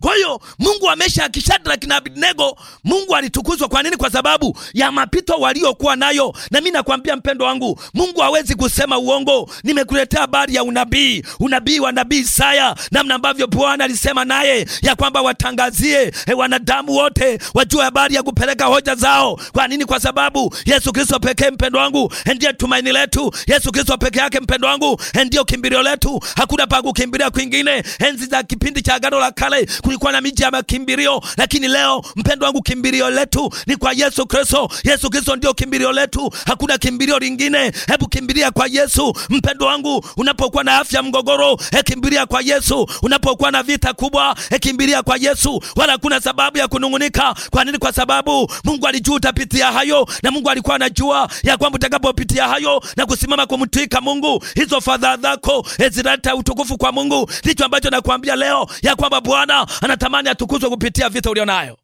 Speaker 3: Kwa hiyo Mungu amesha Shadraka na Abednego, Mungu alitukuzwa. Kwa nini? Kwa sababu ya mapito waliokuwa nayo. Na mimi nakwambia mpendo wangu, Mungu hawezi kusema uongo. Nimekuletea habari ya unabii, unabii wa nabii Isaya, namna ambavyo Bwana alisema naye ya kwamba watangazie he, eh, wanadamu wote wajue habari ya kupeleka hoja zao. Kwa nini? Kwa sababu Yesu Kristo pekee mpendo wangu eh, ndiye tumaini letu. Yesu Kristo peke yake mpendo wangu eh, ndiyo kimbilio letu, hakuna pa kukimbilia kwingine. Enzi za kipindi cha Agano la Kale kulikuwa na miji ya makimbilio, lakini leo mpendo wangu, kimbilio letu ni kwa Yesu Kristo. Yesu Kristo ndio kimbilio letu, hakuna kimbilio lingine. Hebu kimbilia kwa Yesu mpendo wangu, unapokuwa na afya mgogoro, he, kimbilia kwa Yesu. Unapokuwa na vita kubwa, he, kimbilia kwa Yesu, wala hakuna sababu ya kunungunika. Kwa nini? Kwa sababu Mungu alijua utapitia hayo, na Mungu alikuwa anajua ya kwamba utakapopitia hayo na kusimama kumtwika Mungu, hizo fadhaa zako zileta utukufu kwa Mungu. Ndicho ambacho nakwambia leo ya kwamba Bwana yao, anatamani atukuzwe kupitia vita ulionayo.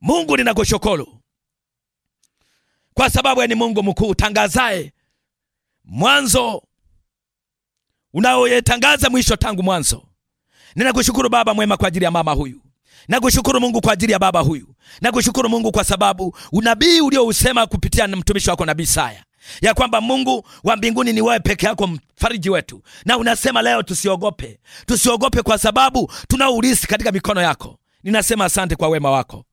Speaker 3: Mungu ninakushukuru kwa sababu ni Mungu mkuu, tangazaye mwanzo unaoyetangaza mwisho tangu mwanzo. Ninakushukuru Baba mwema kwa ajili ya mama huyu Nakushukuru Mungu kwa ajili ya baba huyu. Nakushukuru Mungu kwa sababu unabii uliousema kupitia mtumishi wako Nabii Isaya ya kwamba Mungu wa mbinguni ni wewe peke yako mfariji wetu, na unasema leo tusiogope, tusiogope kwa sababu tunaulisi katika mikono yako. Ninasema asante kwa wema wako,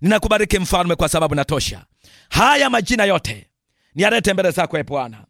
Speaker 3: ninakubariki mfalme, kwa sababu natosha. Haya majina yote niyalete mbele zako, e Bwana.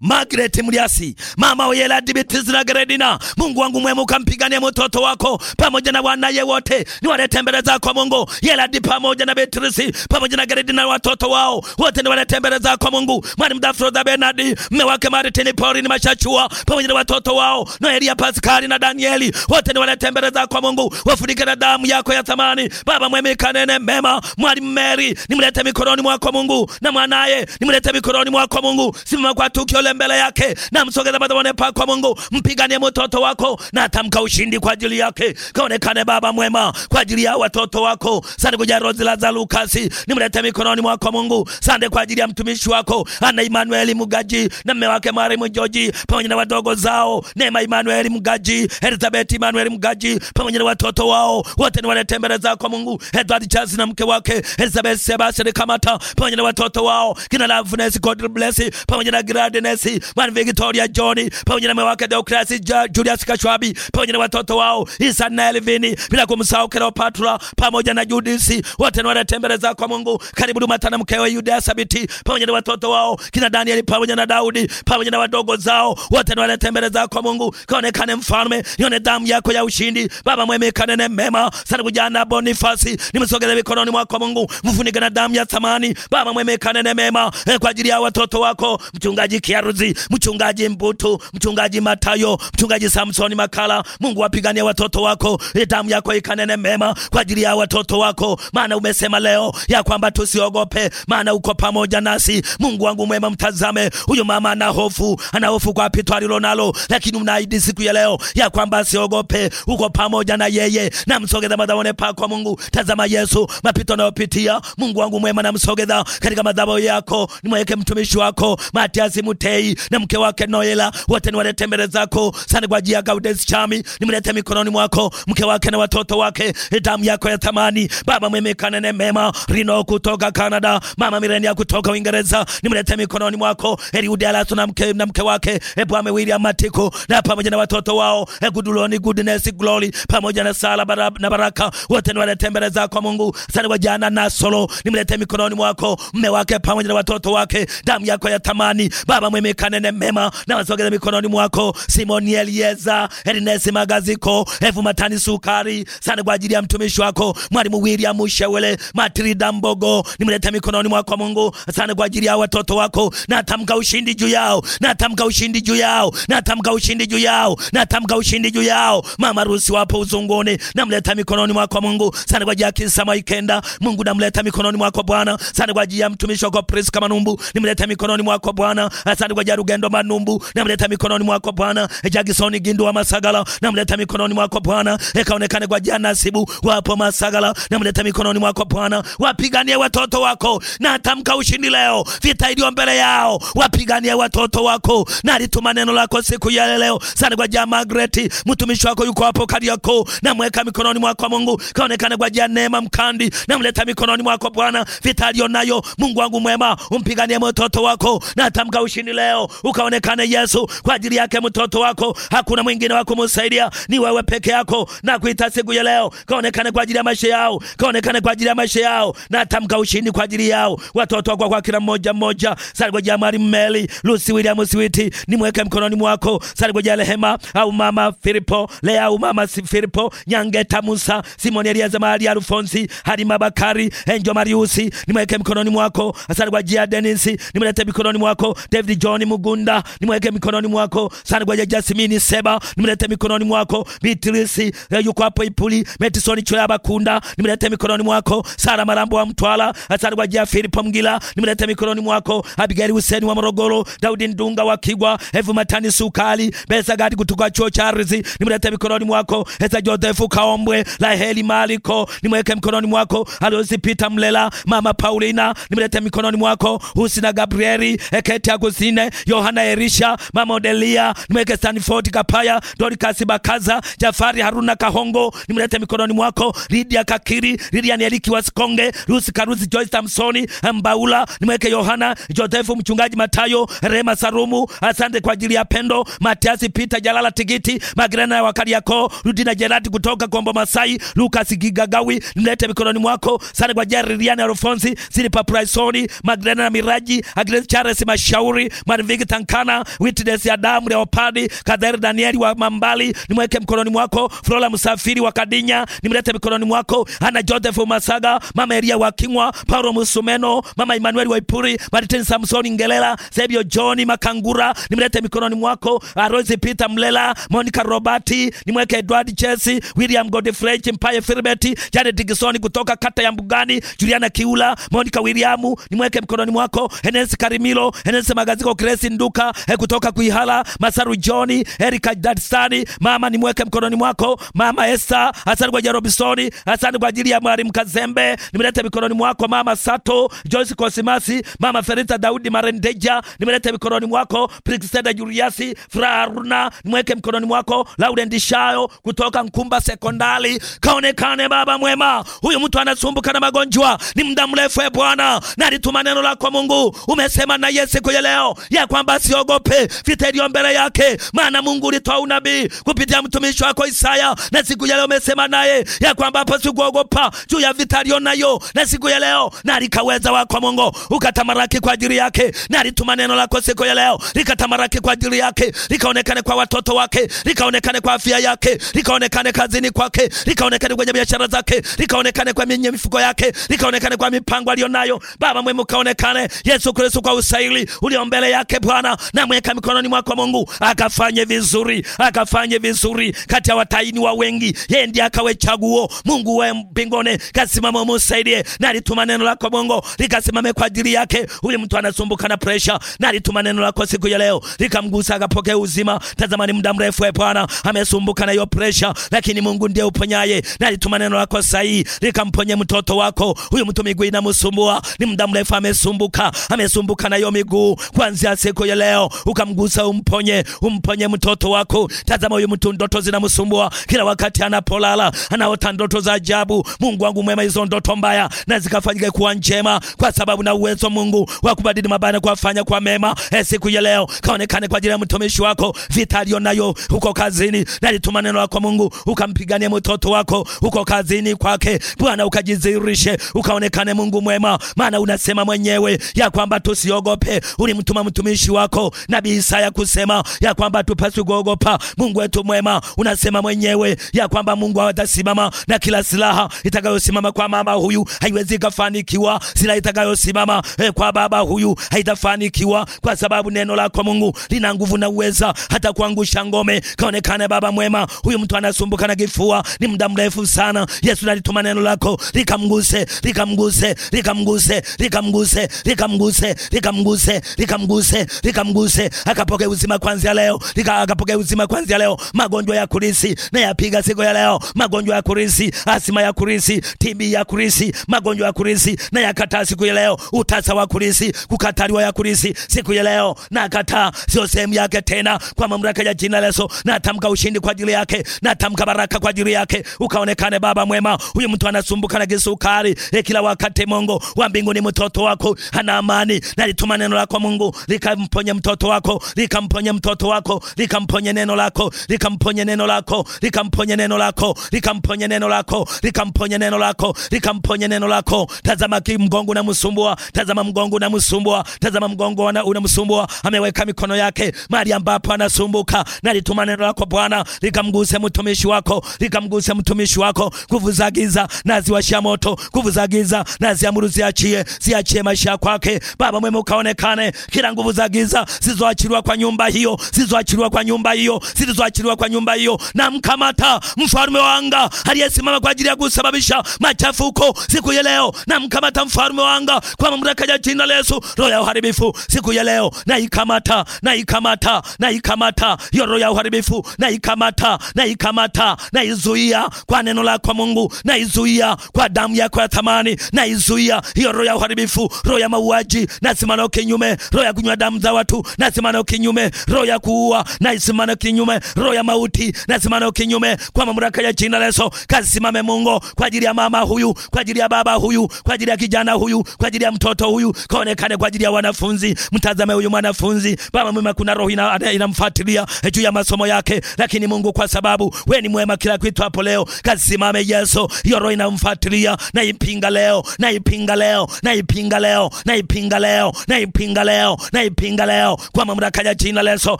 Speaker 3: Margaret Mliasi, mama Oyela Dibitizra Gredina, Mungu wangu mwema, ukampiganie mtoto wako pamoja na wanaye wote, niwalete mbele kwa Mungu. Yela Di pamoja na Beatrice pamoja na Gredina watoto wao wote niwalete mbele kwa Mungu. Mwalimu da Benadi, mme wake Martin Paulin Mashachua pamoja na watoto wao na Elia Pascal na Danieli wote niwalete mbele kwa Mungu, wafunike na damu yako ya thamani. Baba mwema, kanene mema, mwalimu Mary nimlete mikononi mwako Mungu, na mwanaye nimlete mikononi mwako Mungu. Simama kwa tu tukio le mbele yake, na msogeza madhabahuni kwa Mungu, mpiganie mtoto wako na tamka ushindi kwa ajili yake. Kaonekane baba mwema kwa ajili ya watoto wako. Sante kwa Rozi Lazaro Lukasi, nimlete mikononi mwako Mungu. Sante kwa ajili ya mtumishi wako Ana Emmanuel Mugaji na mume wake Mariam Joji pamoja na wadogo zao Neema Emmanuel Mugaji, Elizabeth Emmanuel Mugaji pamoja na watoto wao wote, niwalete mbele zako Mungu. Edward Charles na mke wake Elizabeth Sebastian Kamata pamoja na watoto wao kina Loveness God bless pamoja na Agnes mwana Victoria John pamoja na mke wake Deocracy Julius Kashwabi pamoja na watoto wao Isa na Elvin, bila kumsahau Cleopatra pamoja na Judith, wote wanatembeleza kwa Mungu. Karibu Dumata na mkewe Yuda Sabiti pamoja na watoto wao kina Daniel pamoja na Daudi pamoja na wadogo zao wote wanatembeleza kwa Mungu. Kaonekane mfalme, nione damu yako ya ushindi Baba mwema, kanene mema sana kujana Bonifasi, nimsogeze mikononi mwako Mungu, mfunike na damu ya thamani Baba mwema, kanene mema eh, kwa ajili ya watoto wako mchungaji mchungaji Kiaruzi, mchungaji Mbutu, mchungaji Matayo, mchungaji Samsoni Makala. Mungu wapigania watoto wako, e, damu yako ikanene mema kwa ajili ya watoto wako, maana umesema leo ya kwamba tusiogope, maana uko pamoja nasi. Mungu wangu mwema, mtazame huyo mama, ana hofu, ana hofu kwa pito alilo nalo, lakini unaahidi siku ya leo ya kwamba asiogope, uko pamoja na yeye. Namsogeza madhabahuni pako Mungu, tazama Yesu mapito anayopitia. Mungu wangu mwema, namsogeza katika madhabahu yako, nimweke mtumishi wako Matiasi Mutei na mke wake Noela, wote niwalete mbele zako. Asante kwa ajili ya Gaudens Chami, nimlete mikononi mwako, mke wake na watoto wake, e, damu yako ya thamani. Baba mwema, kanene mema, Rino kutoka Canada, mama Mireni ya kutoka Uingereza, nimlete mikononi mwako. Eliudi Alato na mke na mke wake, e Bwana William Matiko na pamoja na watoto wao, e Guduloni Goodness Glory pamoja na Sala na Baraka, wote niwalete mbele zako Mungu. Asante kwa jana na solo, nimlete mikononi mwako, mme wake pamoja na watoto wake, damu yako ya thamani Baba Baba mimi kanene mema na wasogeza mikononi mwako Simoni Elieza, Ernest Magaziko, Efu Matani Sukari, sana kwa ajili ya mtumishi wako Mwalimu William Shewele, Matrida Mbogo, nimleta mikononi mwako Mungu, sana kwa ajili ya watoto wako, na tamka ushindi juu yao, na tamka ushindi juu yao, na tamka ushindi juu yao, na tamka ushindi juu yao. Mama Rusi wapo uzunguni, namleta mikononi mwako Mungu, sana kwa ajili ya kisa Maikenda, Mungu namleta mikononi mwako Bwana, sana kwa ajili ya mtumishi wako Priska Manumbu, nimleta mikononi mwako Bwana Asante kwa Jarugendo Manumbu, namleta mikononi mwako Bwana. Jackson Gindu wa Masagala, namleta mikononi mwako Bwana. Ekaonekane kwa Jana Sibu wapo Masagala, namleta mikononi mwako Bwana. Wapiganie watoto wako na atamka ushindi leo, vita iliyo mbele yao. Wapiganie watoto wako na alituma neno lako siku ya leo. Asante kwa Jama Margaret, mtumishi wako yuko hapo kadi yako, namweka mikononi mwako Mungu. Kaonekane kwa Jana Neema Mkandi, namleta mikononi mwako Bwana. Vita aliyonayo Mungu wangu mwema, umpiganie mtoto wako na atamka ushindi chini leo ukaonekane Yesu kwa ajili yake mtoto wako. Hakuna mwingine wa kumsaidia, ni wewe peke yako, na kuita siku ya leo kaonekane kwa ajili ya maisha yao, kaonekane kwa ajili ya maisha yao, na tamka ushindi kwa ajili yao, watoto wako, kwa kila mmoja mmoja. ya Mari Meli, Lucy Williams Witi, nimweke mkononi mwako. Sargo ya Rehema au mama Filipo, Lea au mama si Filipo, Nyangeta Musa, Simoni Eliaza, Mali Alfonsi, Halima Bakari, Enjo Mariusi, nimweke mkononi mwako. Sargo ja Denisi, nimlete mkononi mwako. David David John Mugunda, nimweke mikononi mwako. Sana kwa Jasmine Seba, nimlete mikononi mwako. Beatrice eh, yuko hapo Ipuli, Metison Choyaba Kunda, nimlete mikononi mwako. Sara Marambo wa Mtwara, eh, sana kwa Jafiri Pamgila, nimlete mikononi mwako. Abigail Hussein wa Morogoro, Daudi Ndunga wa Kigwa, Evu Matani Sukali, Besa Gadi kutoka Chuo cha Ardhi, nimlete mikononi mwako. Esa Jodefu Kaombwe, Laheli Maliko, nimweke mikononi mwako. Alosi Peter Mlela, Mama Paulina, nimlete mikononi mwako. Husina Gabrieli, Ekete eh, Kusine, Yohana Erisha, Mama Odelia, nimeke Stanford Kapaya, Dorcas Bakaza, Jafari Haruna Kahongo, nimlete mikononi mwako, Lydia Kakiri, Lydia Neliki Wasikonge, Rusi Karuzi, Joyce Thompson, Mbaula, nimweke Yohana, Josefu mchungaji Matayo, Rema Sarumu, asante kwa ajili ya pendo, Matiasi Pita Jalala Tigiti, Magrena ya wakali yako, Rudina Jerati kutoka Kombo Masai, Lucas Gigagawi, nimlete mikononi mwako, asante kwa ajili ya Liliana Alfonsi, Silipa Praisoni, Magrena na Miraji, Agnes Charles Mashauri Zaburi, Marvigi Tankana, Witness ya damu Leopardi, Kadheri Danieli wa Mambali, nimweke mkononi mwako. Flora Msafiri wa Kadinya, nimlete mikononi mwako. Hana Joseph Masaga, Mama Elia wa Kingwa, Paulo Musumeno, Mama Emmanuel wa Ipuri, Martin Samson Ngelela, Sebio John Makangura, nimlete mikononi mwako. Ah, Rose Peter Mlela, Monica Robati, nimweke Edward Chesi, William Godfrey Mpaye Firbeti, Jared Dickson kutoka kata ya Mbugani, Juliana Kiula, Monica Williamu, nimweke mkononi mwako. Henesi Karimilo, Henesi Maga Mtakatifu Grace Nduka eh, kutoka Kuihala, Masaru Johnny, Erika Dadstani, mama nimweke mkononi mwako mama Esa, asante kwa Jarobisoni, asante kwa ajili ya mwalimu Kazembe, nimeleta mikononi mwako mama Sato, Joyce Kosimasi, mama Ferita Daudi Marendeja, nimeleta mikononi mwako Priscilla Juliasi, Fraruna, nimweke mkononi mwako Lauren Ndishayo kutoka Nkumba Sekondari, kaonekane baba mwema, huyu mtu anasumbuka na magonjwa ni muda mrefu, e Bwana, na alituma neno lako Mungu, umesema na Yesu kuelewa leo ya kwamba siogope vita iliyo mbele yake, maana Mungu ulitoa unabii kupitia mtumishi wako Isaya, na siku ya leo umesema naye ya kwamba hapo sikuogopa juu ya vita aliyo nayo, na siku ya leo na likaweza wako Mungu ukatamaraki kwa ajili yake, na alituma neno lako siku ya leo likatamaraki kwa ajili yake, likaonekane kwa watoto wake, likaonekane kwa afya yake, likaonekane kazini kwake, likaonekane kwenye biashara zake, likaonekane kwa minye mifuko yake, likaonekane kwa mipango aliyonayo. Baba mwema, kaonekane Yesu Kristo kwa usaili ulio mbele yake Bwana, namweka mikononi mwako Mungu, akafanye vizuri, akafanye vizuri kati ya wataini wa wengi, yeye ndiye akawe chaguo. Mungu wa mbinguni, kasimama umsaidie, na alituma neno lako Mungu likasimame kwa ajili yake. Huyu mtu anasumbuka na pressure, na alituma neno lako siku ya leo likamgusa, akapokea uzima. Tazama ni muda mrefu eh Bwana amesumbuka na hiyo pressure, lakini Mungu ndiye uponyaye, na alituma neno lako sahihi likamponye mtoto wako huyu. Mtu miguu inamsumbua, ni muda mrefu amesumbuka, amesumbuka na hiyo miguu kuanzia siku ya leo, ukamgusa, umponye, umponye mtoto wako. Tazama huyu mtu ndoto zinamsumbua kila wakati anapolala, anaota ndoto za ajabu. Mungu wangu mwema, hizo ndoto mbaya na zikafanyike kuwa njema, kwa sababu na uwezo Mungu wa kubadili mabaya na kuwafanya kwa mema. E, siku ya leo kaonekane kwa ajili ya mtumishi wako, vita alionayo huko kazini, na alituma neno lako Mungu, ukampigania mtoto wako huko kazini kwake, Bwana ukajidhihirishe, ukaonekane Mungu mwema, maana unasema mwenyewe ya kwamba tusiogope, ulimtu kumtuma mtumishi wako nabii Isaya kusema ya kwamba tupaswi kuogopa. Mungu wetu mwema, unasema mwenyewe ya kwamba Mungu atasimama na kila silaha itakayosimama kwa mama huyu haiwezi kafanikiwa. Silaha itakayosimama eh, kwa baba huyu haitafanikiwa, kwa sababu neno lako Mungu lina nguvu na uweza hata kuangusha ngome. Kaonekane Baba mwema, huyu mtu anasumbuka na kifua ni muda mrefu sana. Yesu, alituma neno lako likamguse, likamguse, likamguse, likamguse, likamguse, likamguse, likamguse likamguse likamguse, akapokea uzima kuanzia leo, akapokea uzima kuanzia leo. Magonjwa ya kurisi na yapiga siku ya leo, magonjwa ya kurisi, asima ya kurisi, TB ya kurisi, magonjwa ya kurisi na yakataa siku ya leo, utasa wa kurisi, kukataliwa ya kurisi siku ya leo, na akataa, sio sehemu yake tena, kwa mamlaka ya jina leso, Na tamka ushindi kwa ajili yake, na tamka baraka kwa ajili yake, ukaonekane baba mwema. Huyu mtu anasumbuka na kisukari e, kila wakati, Mungu wa mbinguni, mtoto wako ana amani, na nalituma neno lako Mungu Mungu likamponye mtoto wako, likamponye mtoto wako, likamponye neno lako, likamponye neno lako, likamponye neno lako, likamponye neno lako, likamponye neno lako, likamponye neno lako. Tazama ki mgongo msumbua, tazama mgongo na msumbua, tazama mgongo una msumbua, Ameweka mikono yake mahali ambapo anasumbuka, na lituma neno lako Bwana likamguse mtumishi wako, likamguse mtumishi wako. Nguvu za giza na ziwashia moto, nguvu za giza na ziamuru ziachie, ziachie maisha yake Baba mwema, ukaonekane kila nguvu za giza zilizoachiliwa kwa nyumba hiyo, zilizoachiliwa kwa nyumba hiyo, zilizoachiliwa kwa nyumba hiyo, na mkamata mfalme wa anga aliyesimama kwa ajili ya kusababisha machafuko siku ya leo, na mkamata mfalme wa anga kwa mamlaka ya jina la Yesu. Roho ya uharibifu siku ya leo, na ikamata na ikamata na ikamata hiyo roho ya uharibifu, na ikamata na ikamata na izuia kwa neno la kwa Mungu, na izuia kwa damu yako ya thamani, na izuia hiyo roho ya uharibifu, roho ya mauaji na simama kinyume roho ya kunywa damu za watu nasimama nayo kinyume, roho ya kuua nasimama nayo kinyume, roho ya mauti nasimama nayo kinyume kwa mamlaka ya jina la Yesu. Kasimame Mungu kwa ajili ya mama huyu, kwa ajili ya baba huyu, kwa ajili ya kijana huyu, kwa ajili ya mtoto huyu, kaonekane kwa ajili ya wanafunzi. Mtazame huyu mwanafunzi Baba mwema, kuna roho inamfuatilia ina eh, juu ya masomo yake, lakini Mungu kwa sababu we ni mwema kila kitu hapo leo, kasimame Yesu, hiyo roho inamfuatilia na ipinga leo, na ipinga leo, na ipinga leo, na ipinga leo, na ipinga leo leo, naipinga leo kwa mamlaka ya jina la Yesu,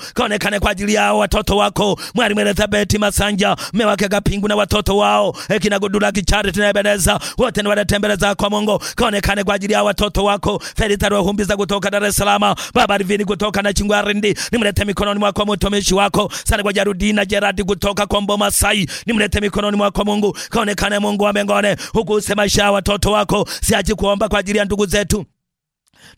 Speaker 3: kaonekane kwa ajili yao watoto wako, Mwalimu Elizabeth Masanja, mume wake Kapingu na watoto wao, ekina Gudula Kichari, tena tunayebeneza wote ni za kwa Mungu, kaonekane kwa ajili yao watoto wako, Felita Ruhumbiza kutoka Dar es Salaam, Baba Rivini kutoka na Chingwa Rindi, nimlete mikononi mwako mtumishi wako sana kwa Jarudina Gerard kutoka kwa Mboma Sai, nimlete mikononi mwako Mungu, kaonekane Mungu wa mbinguni, huku usema maisha watoto wako, siachi kuomba kwa ajili ya ndugu zetu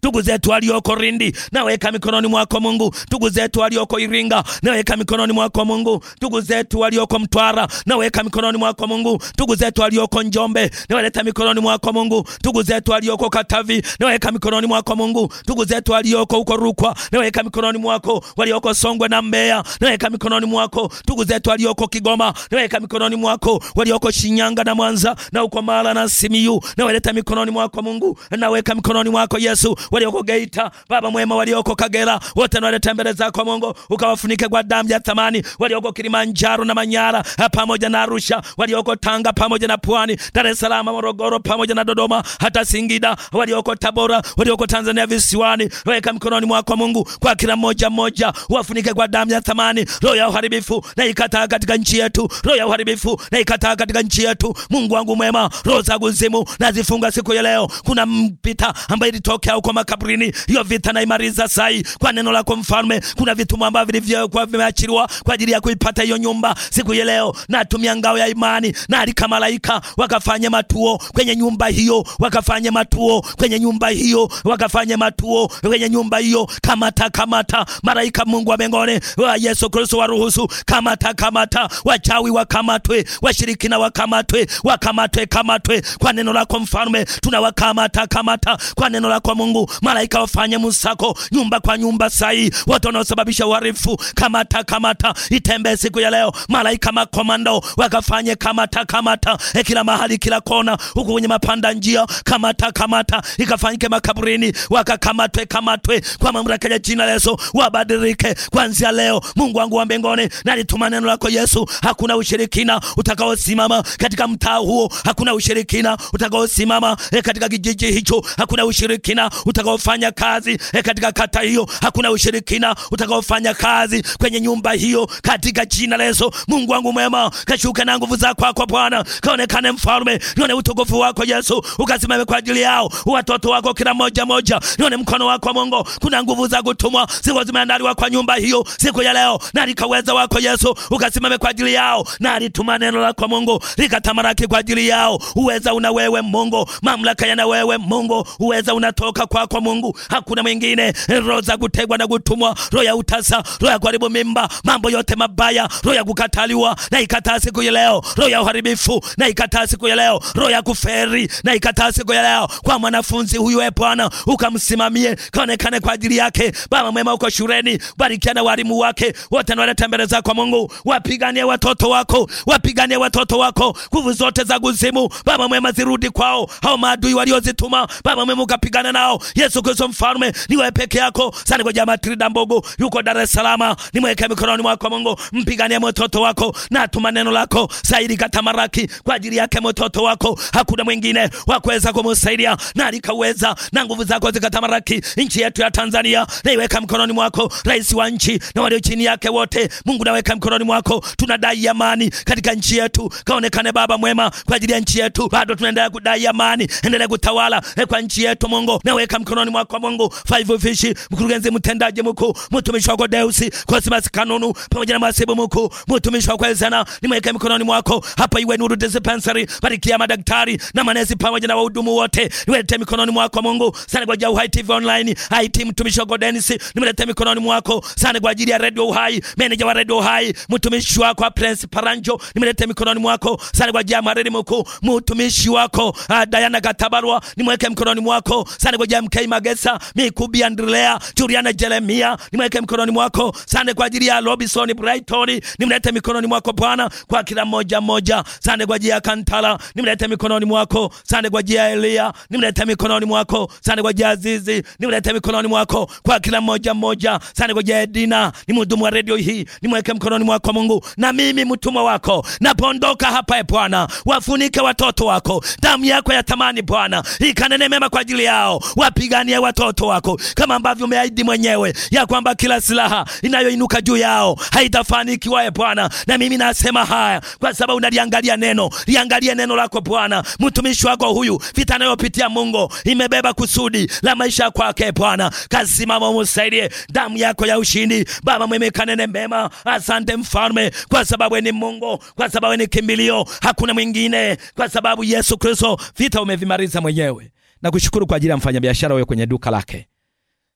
Speaker 3: Ndugu zetu walioko Lindi, naweka mikononi mwako Mungu. Ndugu zetu walioko Iringa, naweka mikononi mwako Mungu. Ndugu zetu walioko Mtwara, naweka mikononi mwako Mungu. Ndugu zetu walioko Njombe, nawaleta mikononi mwako Mungu. Ndugu zetu walioko Katavi, naweka mikononi mwako Mungu. Ndugu zetu walioko huko Rukwa, naweka mikononi mwako. Walioko Songwe na Mbeya, naweka mikononi mwako. Ndugu zetu walioko Kigoma, naweka mikononi mwako. Walioko Shinyanga na Mwanza na huko Mara na Simiyu, nawaleta mikononi mwako Mungu. Naweka mikononi mwako Yesu walioko Geita, baba mwema, walioko Kagera, wote nawaleta mbele zako Mungu, ukawafunike kwa damu ya thamani, walioko Kilimanjaro na Manyara eh, pamoja na Arusha, walioko Tanga pamoja na Pwani, Dar es Salaam, Morogoro pamoja na Dodoma, hata Singida, walioko Tabora, walioko Tanzania visiwani, weka mikononi mwako Mungu, kwa kila mmoja mmoja uwafunike kwa damu ya thamani. Roho ya uharibifu na ikataa katika nchi yetu, roho ya uharibifu na ikataa katika nchi yetu. Mungu wangu mwema, roho za kuzimu nazifunga siku ya leo. Kuna mpita ambaye ilitokea kwa makaburini. Hiyo vita naimaliza sai kwa neno lako mfalme. Kuna vitu ambavyo vilivyokuwa vimeachiliwa kwa ajili ya kuipata hiyo nyumba. Siku ya leo natumia ngao ya imani na alika malaika wakafanye matuo kwenye nyumba hiyo, wakafanye matuo kwenye nyumba hiyo, wakafanye matuo kwenye nyumba hiyo. Kamata kamata, malaika Mungu wa mbinguni wa Yesu Kristo waruhusu, kamata kamata, wachawi wakamatwe, washirikina wakamatwe, wakamatwe kamatwe kwa neno lako mfalme, tunawakamata kamata kwa neno lako Mungu Mungu, malaika wafanye musako nyumba kwa nyumba sai, watu wanaosababisha uharifu kamata kamata, itembee siku ya leo, malaika makomando wakafanye kamata kamata, e kila mahali kila kona, huku kwenye mapanda njia kamata kamata, ikafanyike makaburini, wakakamatwe kamatwe kwa mamlaka ya jina la Yesu, wabadilike kuanzia leo. Mungu wangu wa mbinguni, nalituma neno lako Yesu, hakuna ushirikina utakaosimama katika mtaa huo, hakuna ushirikina utakaosimama e, katika kijiji hicho, hakuna ushirikina utakaofanya kazi e katika kata hiyo, hakuna ushirikina utakaofanya kazi kwenye nyumba hiyo, katika jina la Yesu. Mungu wangu mwema, kashuke na nguvu zako kwa Bwana, kaonekane mfalme, nione utukufu wako Yesu, ukasimame kwa ajili yao watoto wako, kila moja moja, nione mkono wako Mungu, kuna nguvu za kutumwa siku zimeandaliwa kwa nyumba hiyo siku ya leo, na likaweza wako Yesu, ukasimame kwa ajili yao, na alituma neno la kwa Mungu likatamaraki kwa ajili yao. Uweza una wewe Mungu, mamlaka yana wewe Mungu, uweza unatoka kwako kwa Mungu, hakuna mwingine. Roho za kutegwa na kutumwa, roho ya utasa, roho ya kuharibu mimba, mambo yote mabaya, roho ya kukataliwa na ikataa siku ya leo, roho ya uharibifu na ikataa siku ya leo, roho ya kuferi na ikataa siku ya leo. Kwa mwanafunzi huyu, e Bwana, ukamsimamie kaonekane kwa ajili yake. Baba mwema, uko shuleni, barikiana walimu wake wote wanaoleta mbele zako kwa Mungu, wapiganie watoto wako, wapiganie watoto wako, nguvu zote za kuzimu, Baba mwema, zirudi kwao, hao maadui waliozituma, Baba mwema, ukapigana nao Yesu Kristo mfalme ni wewe peke yako. Sani kwa jamaa Trida Mbogo yuko Dar es Salaam, nimweke mikononi mwako Mungu, mpiganie mtoto wako na tuma neno lako zaidi katamaraki kwa ajili yake mtoto wako, hakuna mwingine wa kuweza kumsaidia na alikaweza na nguvu zako zikatamaraki nchi yetu ya Tanzania, naiweka mkononi mwako rais wa nchi na walio chini yake wote. Mungu naweka mkononi mwako, tunadai amani katika nchi yetu, kaonekane baba mwema kwa ajili ya nchi yetu. Bado tunaendelea kudai amani, endelea kutawala eh, kwa nchi yetu Mungu na Weka mkononi mwako Mungu Five Fish, mkurugenzi mtendaji mkuu, mtumishi wako Deus Cosmas Kanunu pamoja na masibu mkuu, mtumishi wako Ezana, nimweke mkononi mwako hapa, iwe Nuru Dispensary, barikia madaktari na manesi pamoja na wahudumu wote, niwete mikononi mwako Mungu. Sana kwa Uhai TV Online, IT mtumishi wako Dennis, nimlete mikononi mwako. Sana kwa ajili ya Radio Uhai, manager wa Radio Uhai, mtumishi wako Prince Paranjo, nimlete mikononi mwako. Sana kwa ajili ya Mareri mkuu, mtumishi wako ah, Diana Katabarwa, nimweke mkononi mwako. Sana kwa William K Magesa, Mikubi Andrea, Juliana Jeremia, nimweke mikononi mwako. Sande kwa ajili ya Robinson Brighton, nimlete mikononi mwako Bwana, kwa kila moja moja. Sande kwa ajili ya Kantala, nimlete mikononi mwako. Sande kwa ajili ya Elia, nimlete mikononi mwako. Sande kwa ajili ya Azizi, nimlete mikononi mwako, kwa kila moja moja. Sande kwa ajili ya Edina, ni mhudumu wa redio hii, nimweke mikononi mwako Mungu, na mimi mtumwa wako napondoka hapa, e Bwana, wafunike watoto wako, damu yako ya thamani Bwana, ikanene mema kwa ajili yao wapiganie watoto wako kama ambavyo umeahidi mwenyewe ya kwamba kila silaha inayoinuka juu yao haitafanikiwa, e Bwana. Na mimi nasema haya kwa sababu unaliangalia neno, liangalie neno lako Bwana. Mtumishi wako huyu, vita anayopitia Mungu imebeba kusudi la maisha kwake Bwana. Kasimama umsaidie, damu yako ya ushindi Baba mwema, kanene mema. Asante Mfalme, kwa sababu ni Mungu, kwa sababu ni kimbilio, hakuna mwingine, kwa sababu Yesu Kristo, vita umevimaliza mwenyewe
Speaker 2: na kushukuru kwa ajili ya mfanyabiashara huyo kwenye duka lake.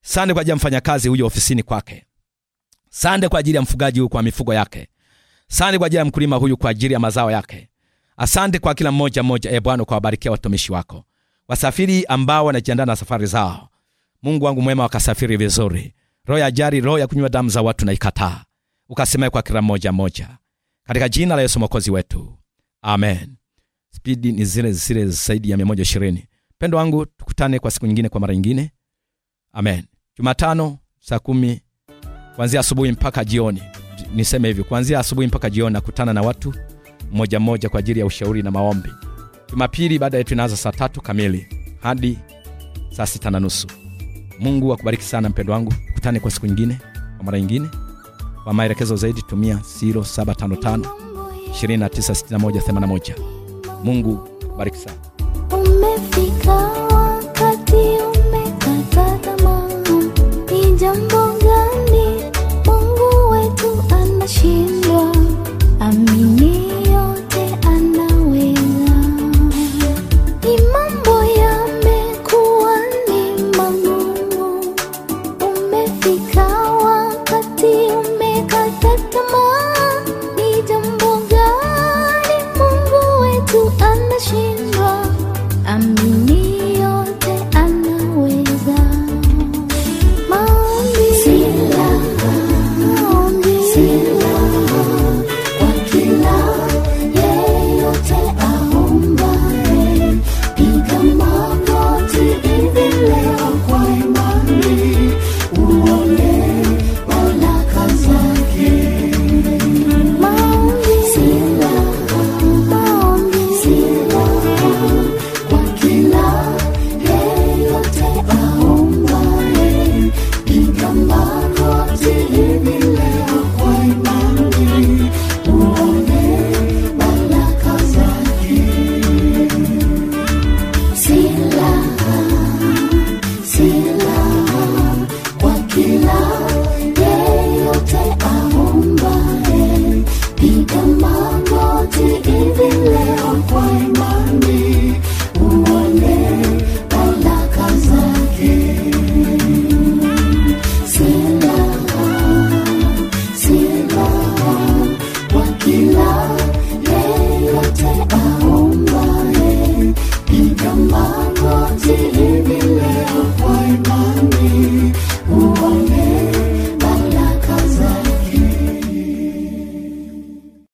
Speaker 2: Sande kwa ajili ya mfanyakazi huyo ofisini kwake. Sande kwa ajili ya mfugaji huyu kwa mifugo yake. Sande kwa ajili ya mkulima huyu kwa ajili ya mazao yake. Asante kwa kila mmoja mmoja, e Bwana, kwa wabarikia watumishi wako, wasafiri ambao wanajiandaa na safari zao. Mungu wangu mwema, wakasafiri vizuri. Roho ya ajali, roho ya kunywa damu za watu naikataa, ukasemaye kwa kila mmoja mmoja, katika jina la Yesu mwokozi wetu, amen. Spidi ni zile zile zaidi ya 120 Mpendo wangu, tukutane kwa siku nyingine, kwa mara nyingine. Amen. Jumatano saa kumi kuanzia asubuhi mpaka jioni, niseme hivyo, kuanzia asubuhi mpaka jioni nakutana na watu moja moja kwa ajili ya ushauri na maombi. Jumapili baada yetu inaanza saa tatu kamili hadi saa sita na nusu. Mungu akubariki sana mpendo wangu, tukutane kwa siku nyingine, kwa mara nyingine. Kwa maelekezo zaidi tumia 0755 296181. Mungu akubariki sana
Speaker 4: jambo gani Mungu wetu anashindwa?